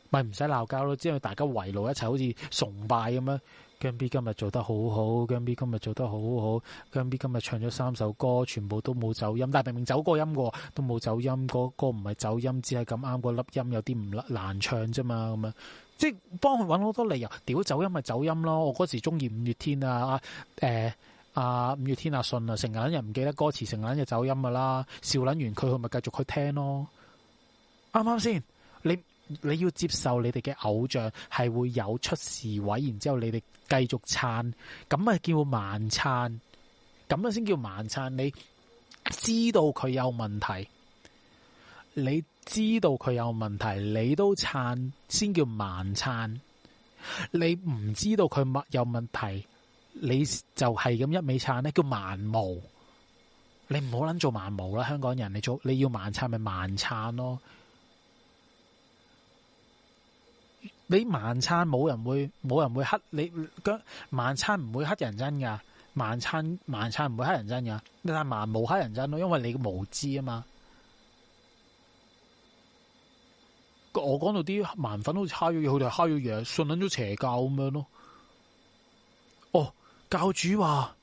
咪唔使鬧交咯，之後大家圍爐一齊，好似崇拜咁樣。姜 B 今日做得好好，姜 B 今日做得好好，姜 B 今日唱咗三首歌，全部都冇走音，但係明明走過音嘅，都冇走音。嗰、嗰個唔係走音，只係咁啱個粒音有啲唔難唱啫嘛，咁樣即係幫佢揾好多理由。屌走音咪走音咯，我嗰時中意五月天啊，誒、啊，阿、啊啊、五月天阿、啊、信啊，成日諗人唔記得歌詞，成日諗嘢走音噶啦，笑捻完佢佢咪繼續去聽咯。啱啱先？你？你要接受你哋嘅偶像係會有出事位，然之後你哋繼續撐，咁啊叫盲撐。咁啊先叫盲撐。你知道佢有問題，你知道佢有問題，你都撐先叫盲撐。你唔知道佢有問題，你就係咁一味撐呢叫盲毛。你唔好諗做盲毛啦，香港人，你做你要盲撐咪盲撐咯。你晚餐冇人會冇人會黑你，晚餐唔會黑人憎噶，晚餐晚餐唔會黑人憎噶，但係盲冇黑人憎咯，因為你嘅無知啊嘛。我講到啲盲粉好似黑咗嘢，佢哋黑咗嘢，信捻咗邪教咁樣咯。哦，教主話，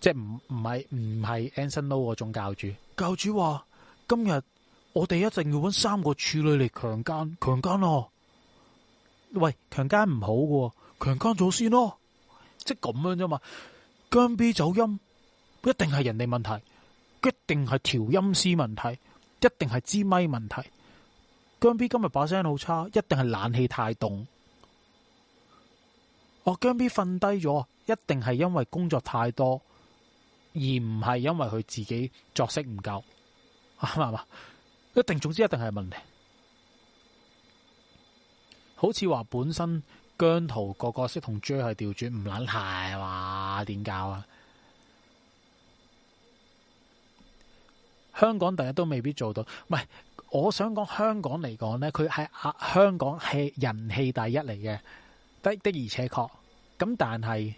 即係唔唔係唔係 Anson Lo 嗰種教主。教主話，今日我哋一定要揾三個處女嚟強奸強奸咯。強喂，強姦唔好喎，強姦咗先咯，即係咁樣啫嘛。姜 B 走音，一定係人哋問題，一定係調音師問題，一定係支咪問題。姜 B 今日把聲好差，一定係冷氣太凍。哦，姜 B 瞓低咗，一定係因為工作太多，而唔係因為佢自己作息唔夠。啊嘛一定，總之一定係問題。好似話本身姜濤個角色同 J 係調轉唔撚係嘛？點搞、哎、啊？香港第一都未必做到，唔係我想講香港嚟講咧，佢係香港係人氣第一嚟嘅，的的而且確。咁但係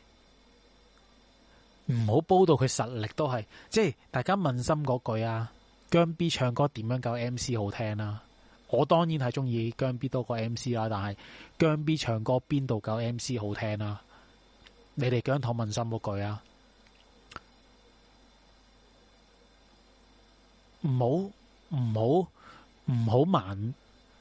唔好煲到佢實力都係，即係大家問心嗰句啊，姜 B 唱歌點樣夠 M C 好聽啊？」我當然係中意姜 B 多過 MC 啦，但係姜 B 唱歌邊度夠 MC 好聽啦，啊？你哋姜糖問心嗰句啊，唔好唔好唔好問，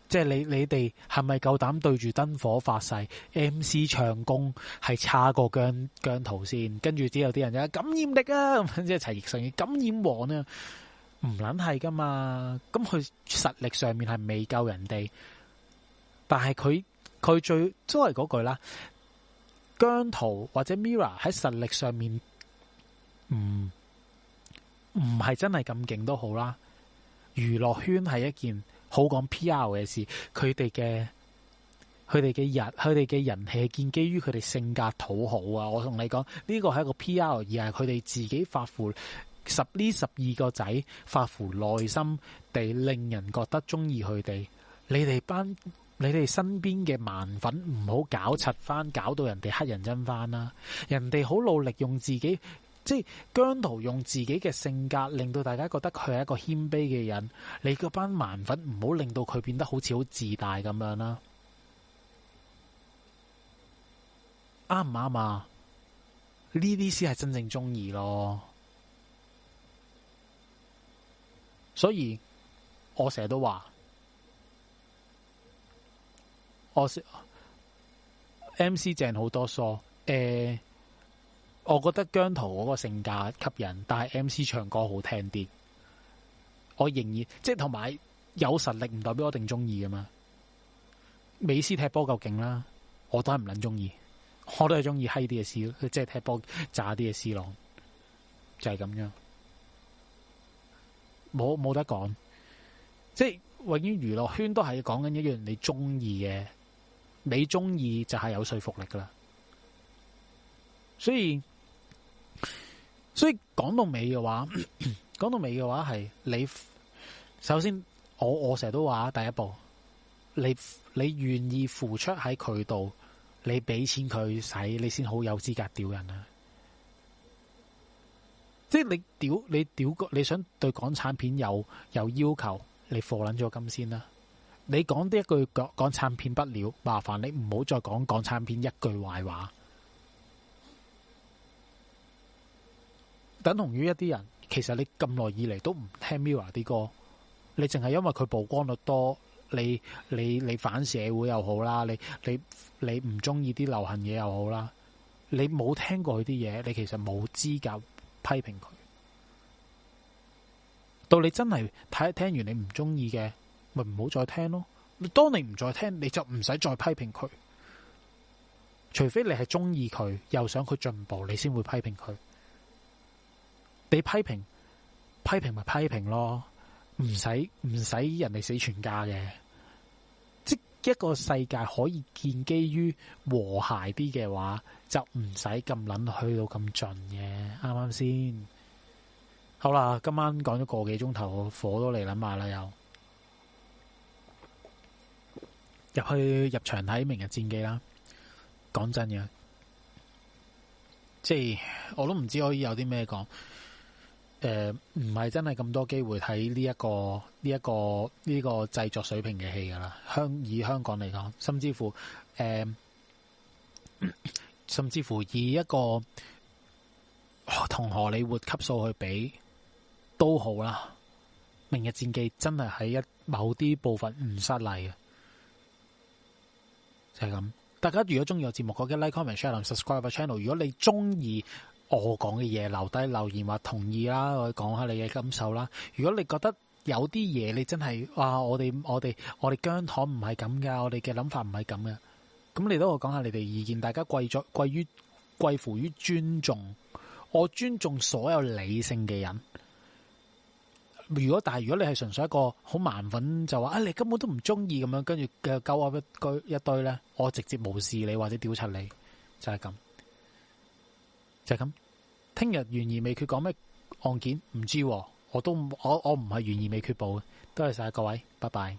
即係、就是、你你哋係咪夠膽對住燈火發誓？MC 唱功係差過姜姜濤先，跟住之後啲人啊感染力啊，即係齊奕嘅「感染王」啊！唔撚係噶嘛，咁佢實力上面係未夠人哋，但係佢佢最都係嗰句啦。姜濤或者 Mirror 喺實力上面，唔唔係真係咁勁都好啦。娛樂圈係一件好講 PR 嘅事，佢哋嘅佢哋嘅人，佢哋嘅人氣係建基於佢哋性格討好啊！我同你講呢、這個係一個 PR 而係佢哋自己發乎。十呢十二個仔發乎內心地令人覺得中意佢哋，你哋班你哋身邊嘅盲粉唔好搞柒翻，搞到人哋乞人憎翻啦！人哋好努力用自己，即係姜濤用自己嘅性格，令到大家覺得佢係一個謙卑嘅人。你嗰班盲粉唔好令到佢變得好似好自大咁樣啦！啱唔啱啊？呢啲先係真正中意咯～所以，我成日都話，我 M C 正好多疏。誒、欸，我覺得姜濤嗰個性格吸引，但係 M C 唱歌好聽啲。我仍然即係，同埋有實力唔代表我一定中意噶嘛。美斯踢波夠勁啦，我都係唔捻中意，我都係中意嗨啲嘅 C，即係踢波渣啲嘅 C 朗，就係咁樣。冇冇得講，即係永遠娛樂圈都係講緊一樣你中意嘅，你中意就係有說服力噶啦。所以所以講到尾嘅話，講到尾嘅話係你首先，我我成日都話第一步，你你願意付出喺佢度，你俾錢佢使，你先好有資格屌人啊！即係你屌你屌你想對港產片有有要求，你貨捻咗金先啦！你講啲一句港港產片不了，麻煩你唔好再講港產片一句壞話。等同於一啲人，其實你咁耐以嚟都唔聽 Mirror 啲歌，你淨係因為佢曝光率多，你你你反社會又好啦，你你你唔中意啲流行嘢又好啦，你冇聽過佢啲嘢，你其實冇資格。批評佢，到你真係睇、一聽完你唔中意嘅咪唔好再聽咯。當你唔再聽，你就唔使再批評佢。除非你係中意佢，又想佢進步，你先會批評佢。你批評批評咪批評咯，唔使唔使人哋死全家嘅。一個世界可以建基於和諧啲嘅話，就唔使咁捻去到咁盡嘅，啱啱先？好啦，今晚講咗個幾鐘頭，火都嚟捻埋啦，又入去入場睇明日戰機啦。講真嘅，即係我都唔知可以有啲咩講。誒、呃，唔係真係咁多機會睇呢一個呢一、這個呢、這個製作水平嘅戲噶啦，香以香港嚟講，甚至乎誒、呃，甚至乎以一個同、哦、荷里活級數去比都好啦，《明日戰記》真係喺一某啲部分唔失禮嘅，就係、是、咁。大家如果中意我節目，記得 like、comment、 share 同 subscribe 個 channel。如果你中意。我講嘅嘢，留低留言，話同意啦，我講下你嘅感受啦。如果你覺得有啲嘢，你真係啊，我哋我哋我哋姜糖唔係咁噶，我哋嘅諗法唔係咁嘅。咁你都我講下你哋意見，大家貴咗貴於貴乎於尊重。我尊重所有理性嘅人。如果但係如果你係純粹一個好盲粉，就話啊，你根本都唔中意咁樣，跟住嘅溝一堆呢，咧，我直接無視你或者屌柒你，就係咁。就咁、是，聽日懸而未決講咩案件唔知，啊，我都我我唔係懸而未決報嘅，多謝晒各位，拜拜。